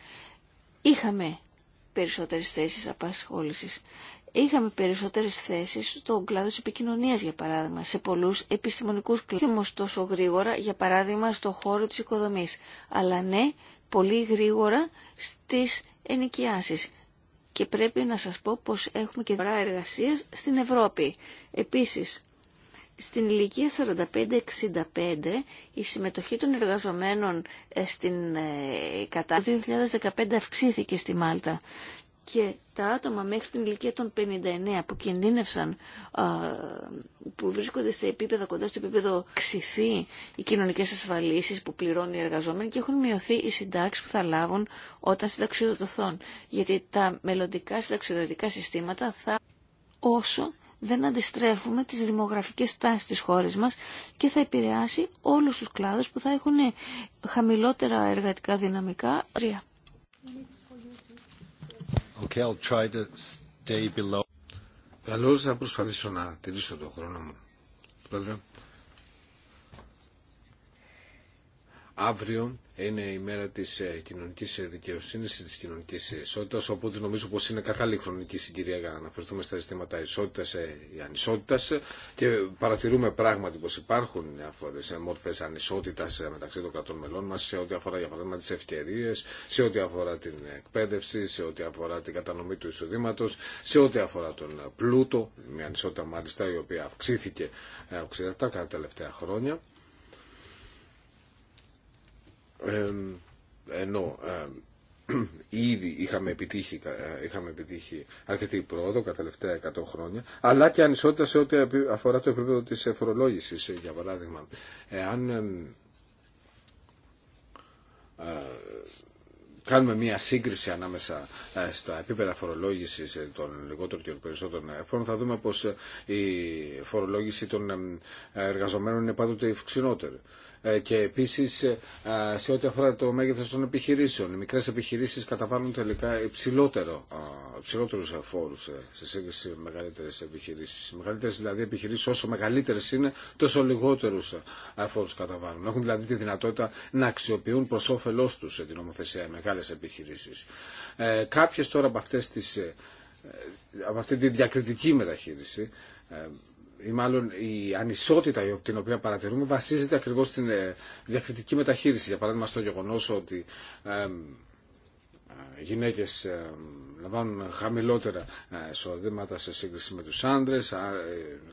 είχαμε περισσότερες θέσεις απασχόλησης. Είχαμε περισσότερες θέσεις στον κλάδο της επικοινωνίας, για παράδειγμα, σε πολλούς επιστημονικούς κλάδους. είχαμε τόσο γρήγορα, για παράδειγμα, στο χώρο της οικοδομής. Αλλά ναι, πολύ γρήγορα στις ενοικιάσεις. Και πρέπει να σας πω πως έχουμε και δωρά εργασίας στην Ευρώπη. Επίσης, στην ηλικία 45-65 η συμμετοχή των εργαζομένων ε, στην ε, κατά 2015 αυξήθηκε στη Μάλτα και τα άτομα μέχρι την ηλικία των 59 που κινδύνευσαν, ε, που βρίσκονται σε επίπεδα κοντά στο επίπεδο ξηθή οι κοινωνικές ασφαλίσεις που πληρώνουν οι εργαζόμενοι και έχουν μειωθεί οι συντάξεις που θα λάβουν όταν συνταξιδοτωθούν. Γιατί τα μελλοντικά συνταξιδοτικά συστήματα θα όσο δεν αντιστρέφουμε τις δημογραφικές τάσεις της χώρας μας και θα επηρεάσει όλους τους κλάδους που θα έχουν χαμηλότερα εργατικά δυναμικά. Okay, I'll try to stay below. θα προσπαθήσω να τηρήσω χρόνο μου. Αύριο είναι η μέρα της ε, κοινωνικής ε, δικαιοσύνης και της κοινωνικής ε, ισότητας, οπότε νομίζω πως είναι κατάλληλη χρονική συγκυρία για να αναφερθούμε στα ζητήματα ισότητας ή ανισότητας και παρατηρούμε πράγματι πως υπάρχουν διάφορες μόρφες ανισότητας μεταξύ των κρατών μελών μας σε ό,τι αφορά για παράδειγμα τις ευκαιρίες, σε ό,τι αφορά την εκπαίδευση, σε ό,τι αφορά την κατανομή του εισοδήματος, σε ό,τι αφορά τον πλούτο, μια ανισότητα μάλιστα η οποία αυξήθηκε τα τελευταία χρόνια ενώ (clears throat) ήδη είχαμε επιτύχει, ε, είχαμε επιτύχει αρκετή πρόοδο κατά τελευταία 100 χρόνια, αλλά και ανισότητα σε ό,τι αφορά το επίπεδο της εφορολόγησης, ε, για παράδειγμα. αν ε, κάνουμε μία σύγκριση ανάμεσα στα επίπεδα φορολόγησης των λιγότερων και των περισσότερων εφόρων, θα δούμε πως η φορολόγηση των εργαζομένων είναι πάντοτε ευξηνότερη. Ε, και επίση, ε, σε ό,τι αφορά το μέγεθο των επιχειρήσεων. Οι μικρέ επιχειρήσει καταβάλουν τελικά υψηλότερου φόρου ε, σε σύγκριση με μεγαλύτερε επιχειρήσει Οι μεγαλύτερε δηλαδή επιχειρήσεις όσο μεγαλύτερε είναι τόσο λιγότερου φόρου καταβάλουν. Έχουν δηλαδή τη δυνατότητα να αξιοποιούν προ όφελό τους την νομοθεσία οι μεγάλες επιχειρήσεις. Κάποιες τώρα από αυτές από αυτή τη διακριτική μεταχείριση ή μάλλον η ανισότητα την οποία παρατηρούμε βασίζεται ακριβώς στην ε, διακριτική μεταχείριση. Για παράδειγμα στο γεγονός ότι ε, γυναίκες ε, λαμβάνουν χαμηλότερα εισοδήματα σε σύγκριση με τους άντρες,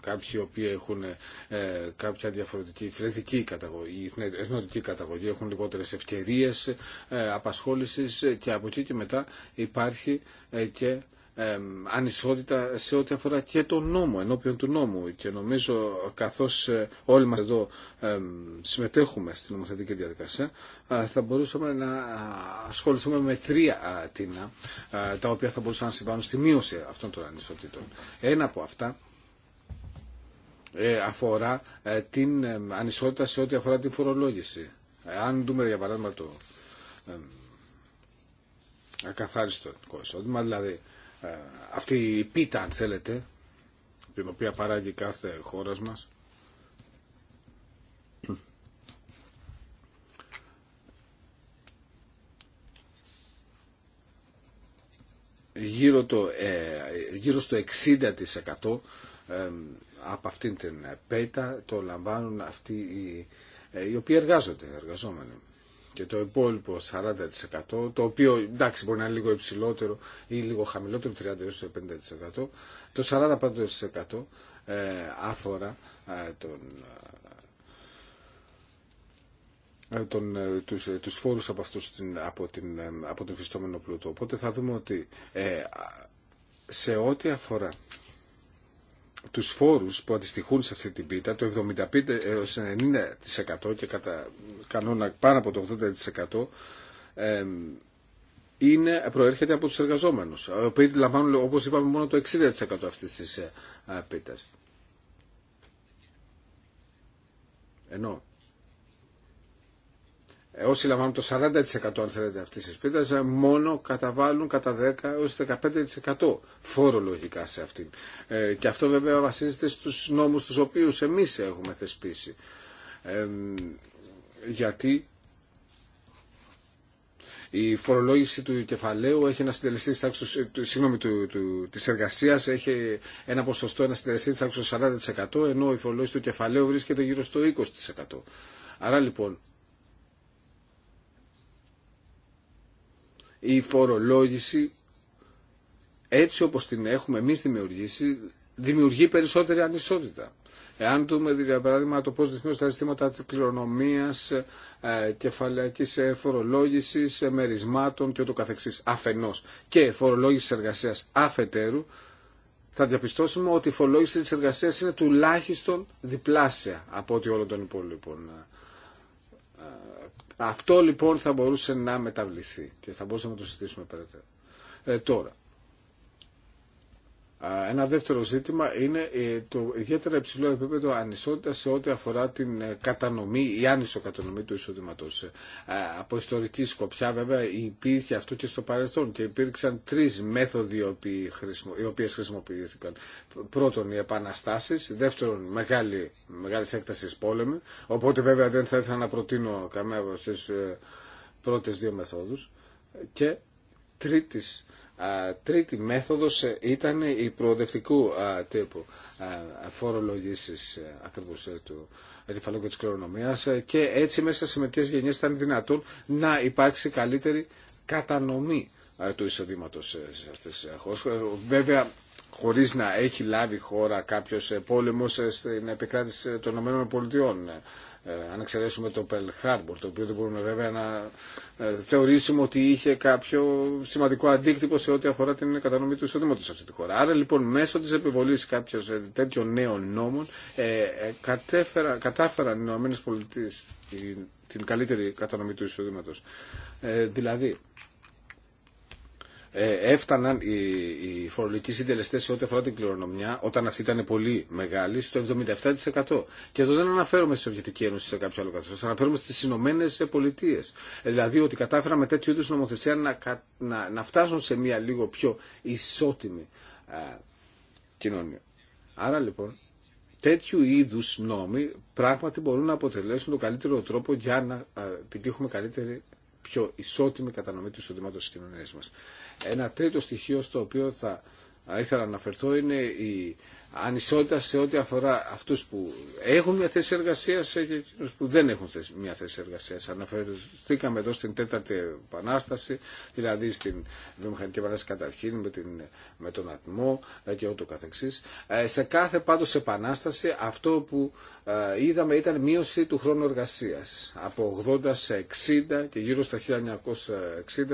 κάποιοι οι οποίοι έχουν κάποια διαφορετική φυλετική καταγωγή, εθνοτική καταγωγή, έχουν λιγότερες ευκαιρίες απασχόλησης και από εκεί και μετά υπάρχει και ανισότητα σε ό,τι αφορά και τον νόμο, ενώπιον του νόμου. Και νομίζω καθώς ε, όλοι μας εδώ συμμετέχουμε στην νομοθετική διαδικασία, ε, θα μπορούσαμε να ασχοληθούμε με τρία τίνα, τα οποία θα μπορούσαν να συμβάνουν στη μείωση αυτών των ανισοτήτων. Ένα από αυτά ε, αφορά την ανισότητα σε ό,τι αφορά την φορολόγηση. Αν δούμε για παράδειγμα το ακαθάριστο εισόδημα, δηλαδή ε, αυτή η πίτα αν θέλετε την οποία παράγει κάθε χώρα μας γύρω, το, ε, γύρω στο 60% ε, από αυτήν την πέτα το λαμβάνουν αυτοί οι, οι οποίοι εργάζονται, εργαζόμενοι και το υπόλοιπο 40% το οποίο εντάξει μπορεί να είναι λίγο υψηλότερο ή λίγο χαμηλότερο 30-50% το 40% αφορά ε, ε, τον, ε, τον, τους, τους φόρους από, αυτούς, από, την, από τον φυστόμενο πλούτο. Οπότε θα δούμε ότι σε ό,τι αφορά τους φόρους που αντιστοιχούν σε αυτή την πίτα, το 75% έως 90% και κατά κανόνα πάνω από το 80% είναι, προέρχεται από τους εργαζόμενους, οι οποίοι λαμβάνουν, όπως είπαμε, μόνο το 60% αυτής της ε, πίτας. Ενώ ε, όσοι λαμβάνουν το 40% αν θέλετε αυτής της πίτας, ε, μόνο καταβάλουν κατά 10 έως 15% φορολογικά σε αυτήν. Ε, και αυτό βέβαια βασίζεται στους νόμους τους οποίους εμείς έχουμε θεσπίσει. γιατί η φορολόγηση του κεφαλαίου έχει ένα συντελεστή της τάξης, του, της εργασίας έχει ένα ποσοστό, ένα συντελεστή της 40% ενώ η φορολόγηση του κεφαλαίου βρίσκεται γύρω στο 20%. Άρα λοιπόν η φορολόγηση έτσι όπως την έχουμε εμείς δημιουργήσει δημιουργεί περισσότερη ανισότητα. Εάν δούμε για παράδειγμα το πώς δημιουργούν τα αισθήματα της κληρονομίας, ε, κεφαλαϊκής ε, φορολόγησης, ε, μερισμάτων και ούτω καθεξής αφενός και φορολόγησης εργασίας αφετέρου, θα διαπιστώσουμε ότι η φορολόγηση της εργασίας είναι τουλάχιστον διπλάσια από ό,τι όλων των υπόλοιπων αυτό λοιπόν θα μπορούσε να μεταβληθεί και θα μπορούσαμε να το συζητήσουμε περαιτέρω. Ε, τώρα, ένα δεύτερο ζήτημα είναι ε, το ιδιαίτερα υψηλό επίπεδο ανισότητα σε ό,τι αφορά την ε, κατανομή, η άνισο κατανομή του εισοδήματο. Ε, από ιστορική σκοπιά βέβαια υπήρχε αυτό και στο παρελθόν και υπήρξαν τρει μέθοδοι οι οποίε χρησιμοποιήθηκαν. Πρώτον οι επαναστάσει, δεύτερον μεγάλη, μεγάλη έκταση πόλεμη, οπότε βέβαια δεν θα ήθελα να προτείνω καμία από τι πρώτε δύο μεθόδου και τρίτης τρίτη μέθοδος ε, ήταν η προοδευτικού τύπου φορολογήσεις ε, ακριβώς ε, του ερυφαλού και της κληρονομίας και έτσι μέσα σε μερικές γενιές ήταν δυνατόν να υπάρξει καλύτερη κατανομή του εισοδήματο σε αυτές τις χώρες. Βέβαια, χωρίς να έχει λάβει χώρα κάποιος ε, πόλεμος ε, στην επικράτηση των ΗΠΑ. Ε, αν εξαιρέσουμε το Pearl Harbor, το οποίο δεν μπορούμε βέβαια να θεωρήσουμε ότι είχε κάποιο σημαντικό αντίκτυπο σε ό,τι αφορά την κατανομή του εισοδήματος σε αυτή τη χώρα. Άρα λοιπόν μέσω της επιβολής κάποιων τέτοιων νέων νόμων κατέφερα, κατάφεραν οι ΗΠΑ την καλύτερη κατανομή του εισοδήματος. δηλαδή, ε, έφταναν οι φορολογικοί συντελεστέ σε ό,τι αφορά την κληρονομιά, όταν αυτή ήταν πολύ μεγάλη, στο 77%. Και εδώ δεν αναφέρομαι στη Σοβιετική Ένωση σε κάποιο άλλο καθεστώ, αναφέρομαι στι Ηνωμένε Πολιτείε. Ε, δηλαδή ότι κατάφεραν με τέτοιου είδου νομοθεσία να, να, να φτάσουν σε μια λίγο πιο ισότιμη κοινωνία. Άρα λοιπόν, τέτοιου είδους νόμοι πράγματι μπορούν να αποτελέσουν τον καλύτερο τρόπο για να επιτύχουμε καλύτερη πιο ισότιμη κατανομή του εισοδημάτων στι κοινωνίε μας. Ένα τρίτο στοιχείο στο οποίο θα ήθελα να αναφερθώ είναι η ανισότητα σε ό,τι αφορά αυτούς που έχουν μια θέση εργασίας και εκείνους που δεν έχουν μια θέση εργασίας. Αναφερθήκαμε εδώ στην τέταρτη επανάσταση, δηλαδή στην βιομηχανική επανάσταση καταρχήν με, την, με τον ατμό ε, και ούτω καθεξής. Ε, σε κάθε πάντως επανάσταση αυτό που ε, είδαμε ήταν μείωση του χρόνου εργασίας από 80 σε 60 και γύρω στα 1960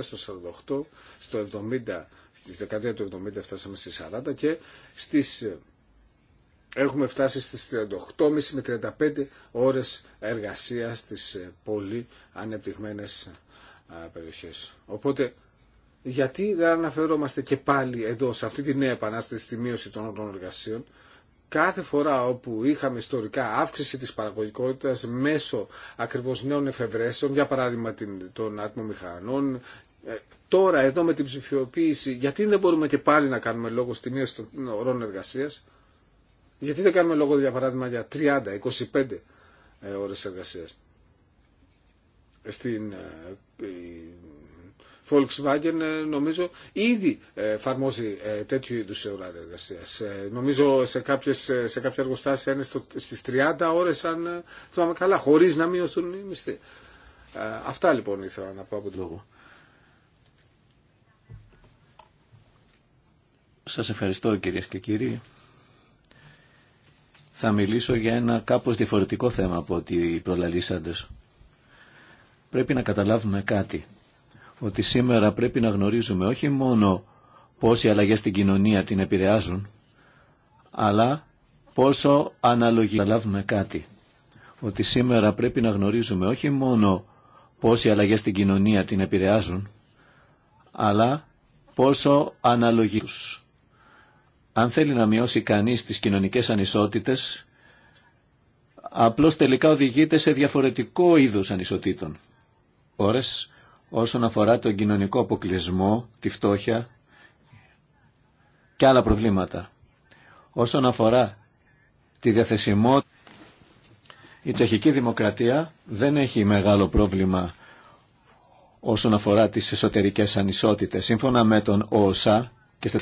στο 48, στο 70 Στη δεκαετία του 70 φτάσαμε στις 40 και στις έχουμε φτάσει στις 38,5 με 35 ώρες εργασίας στις ε, πολύ ανεπτυγμένες ε, περιοχές. Οπότε γιατί δεν αναφερόμαστε και πάλι εδώ σε αυτή τη νέα επανάσταση στη μείωση των όρων εργασίων κάθε φορά όπου είχαμε ιστορικά αύξηση της παραγωγικότητας μέσω ακριβώς νέων εφευρέσεων, για παράδειγμα των ατμομηχανών, ε, τώρα εδώ με την ψηφιοποίηση, γιατί δεν μπορούμε και πάλι να κάνουμε λόγο στη μείωση των ορών εργασίας. Γιατί δεν κάνουμε λόγο για παράδειγμα για 30, 25 ε, ώρες εργασίας. Στην ε, Volkswagen ε, νομίζω ήδη εφαρμόζει τέτοιου είδου ώρες εργασία. Νομίζω σε, κάποιες, σε κάποια εργοστάσια είναι στι 30 ώρε, αν θυμάμαι καλά, χωρί να μειωθούν οι μισθοί. Αυτά λοιπόν ήθελα να πω από τον λόγο. Σας ευχαριστώ κυρίες και κύριοι θα μιλήσω για ένα κάπως διαφορετικό θέμα από ότι οι προλαλήσαντες. Πρέπει να καταλάβουμε κάτι, ότι σήμερα πρέπει να γνωρίζουμε όχι μόνο πώς οι αλλαγές στην κοινωνία την επηρεάζουν, αλλά πόσο αναλογικά λάβουμε κάτι. Ότι σήμερα πρέπει να γνωρίζουμε όχι μόνο πόσοι οι αλλαγές στην κοινωνία την επηρεάζουν, αλλά πόσο αναλογικούς αν θέλει να μειώσει κανείς τις κοινωνικές ανισότητες, απλώς τελικά οδηγείται σε διαφορετικό είδος ανισοτήτων. Ώρες όσον αφορά τον κοινωνικό αποκλεισμό, τη φτώχεια και άλλα προβλήματα. Όσον αφορά τη διαθεσιμότητα, η τσεχική δημοκρατία δεν έχει μεγάλο πρόβλημα όσον αφορά τις εσωτερικές ανισότητες. Σύμφωνα με τον ΟΣΑ, και στο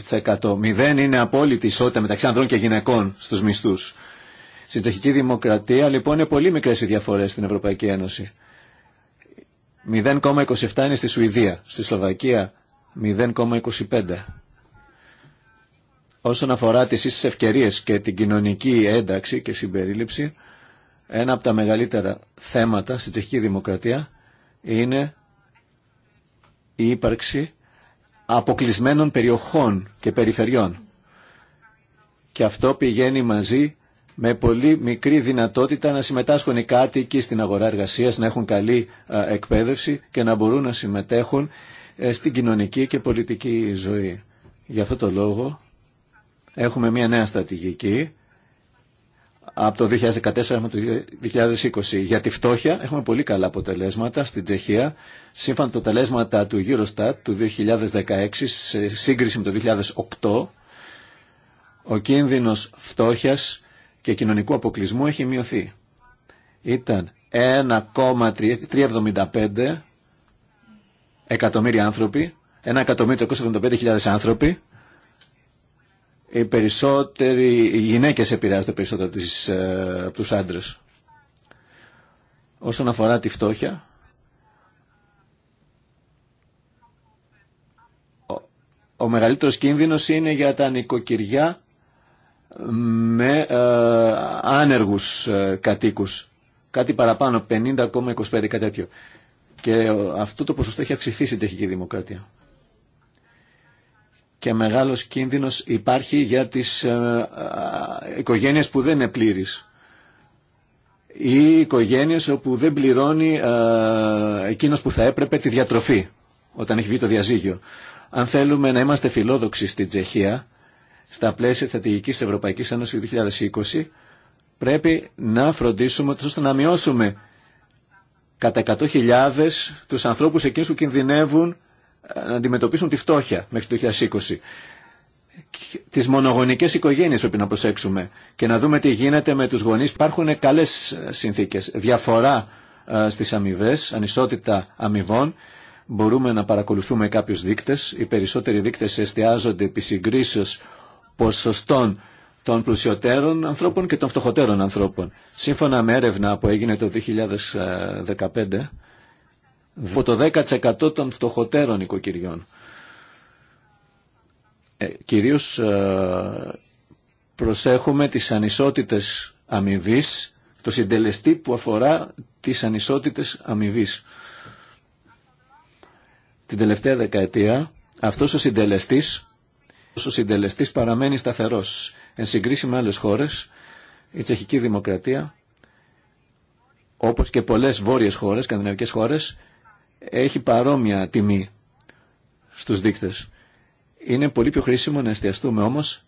3%. Μηδέν είναι απόλυτη ισότητα μεταξύ ανδρών και γυναικών στους μισθούς. Στην Τσεχική Δημοκρατία λοιπόν είναι πολύ μικρές οι διαφορές στην Ευρωπαϊκή Ένωση. 0,27 είναι στη Σουηδία, στη Σλοβακία 0,25. Όσον αφορά τις ίσες ευκαιρίες και την κοινωνική ένταξη και συμπερίληψη, ένα από τα μεγαλύτερα θέματα στη Τσεχική Δημοκρατία είναι η ύπαρξη αποκλεισμένων περιοχών και περιφερειών. Και αυτό πηγαίνει μαζί με πολύ μικρή δυνατότητα να συμμετάσχουν οι κάτοικοι στην αγορά εργασίας, να έχουν καλή εκπαίδευση και να μπορούν να συμμετέχουν ε, στην κοινωνική και πολιτική ζωή. Γι' αυτό το λόγο έχουμε μια νέα στρατηγική από το 2014 με το 2020. Για τη φτώχεια έχουμε πολύ καλά αποτελέσματα στην Τσεχία. Σύμφωνα με τα αποτελέσματα του Eurostat του 2016 σε σύγκριση με το 2008 ο κίνδυνος φτώχειας και κοινωνικού αποκλεισμού έχει μειωθεί. Ήταν 1,375 εκατομμύρια άνθρωποι, 1.375.000 άνθρωποι οι περισσότεροι οι γυναίκες επηρεάζονται περισσότερο τις, ε, από τους άντρες. Όσον αφορά τη φτώχεια, ο, ο μεγαλύτερος κίνδυνος είναι για τα νοικοκυριά με ε, άνεργους ε, κατοίκους. Κάτι παραπάνω, 50,25 κάτι τέτοιο. Και αυτό το ποσοστό έχει αυξηθεί στην Τσεχική Δημοκρατία και μεγάλος κίνδυνος υπάρχει για τις ε, ε, οικογένειες που δεν είναι πλήρης ή οικογένειες όπου δεν πληρώνει ε, εκείνος που θα έπρεπε τη διατροφή όταν έχει βγει το διαζύγιο. Αν θέλουμε να είμαστε φιλόδοξοι στην Τσεχία, στα πλαίσια στρατηγικής Ευρωπαϊκής Ένωσης 2020, πρέπει να φροντίσουμε ώστε να μειώσουμε κατά 100.000 τους ανθρώπους εκείνους που κινδυνεύουν να αντιμετωπίσουν τη φτώχεια μέχρι το 2020. Τις μονογονικές οικογένειες πρέπει να προσέξουμε και να δούμε τι γίνεται με τους γονείς. Υπάρχουν καλές συνθήκες. Διαφορά ε, στις αμοιβέ, ανισότητα αμοιβών. Μπορούμε να παρακολουθούμε κάποιους δείκτες. Οι περισσότεροι δείκτες εστιάζονται επί συγκρίσεως ποσοστών των πλουσιωτέρων ανθρώπων και των φτωχοτέρων ανθρώπων. Σύμφωνα με έρευνα που έγινε το 2015, από το 10% των φτωχοτέρων οικοκυριών. Ε, κυρίως ε, προσέχουμε τις ανισότητες αμοιβή, το συντελεστή που αφορά τις ανισότητες αμοιβή. Την τελευταία δεκαετία αυτός ο συντελεστής, ο συντελεστής παραμένει σταθερός. Εν συγκρίση με άλλες χώρες, η τσεχική δημοκρατία, όπως και πολλές βόρειες χώρες, σκανδιναβικές χώρες, έχει παρόμοια τιμή στους δείκτες. Είναι πολύ πιο χρήσιμο να εστιαστούμε όμως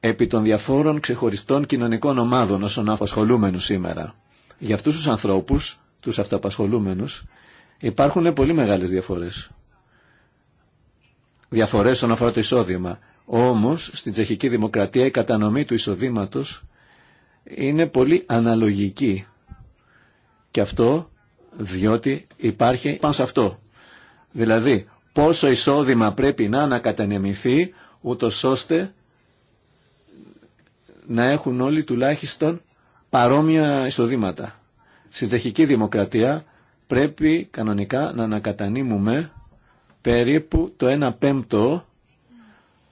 επί των διαφόρων ξεχωριστών κοινωνικών ομάδων όσων απασχολούμενους σήμερα. Για αυτούς τους ανθρώπους, τους αυτοαπασχολούμενους, υπάρχουν πολύ μεγάλες διαφορές. Διαφορές όσον αφορά το εισόδημα. Όμως, στην τσεχική δημοκρατία η κατανομή του εισοδήματος είναι πολύ αναλογική. Και αυτό διότι υπάρχει πάνω σε αυτό. Δηλαδή, πόσο εισόδημα πρέπει να ανακατανεμηθεί, ούτω ώστε να έχουν όλοι τουλάχιστον παρόμοια εισοδήματα. Στην τσεχική δημοκρατία πρέπει κανονικά να ανακατανείμουμε περίπου το 1 πέμπτο.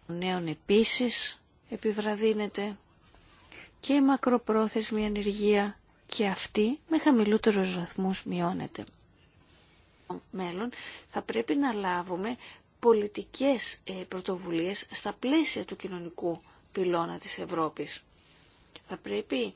Νέων επίσης επιβραδύνεται και μακροπρόθεσμη ανεργία και αυτή με χαμηλότερους βαθμούς μειώνεται. Μέλλον θα πρέπει να λάβουμε πολιτικές ε, πρωτοβουλίες στα πλαίσια του κοινωνικού πυλώνα της Ευρώπης. Θα πρέπει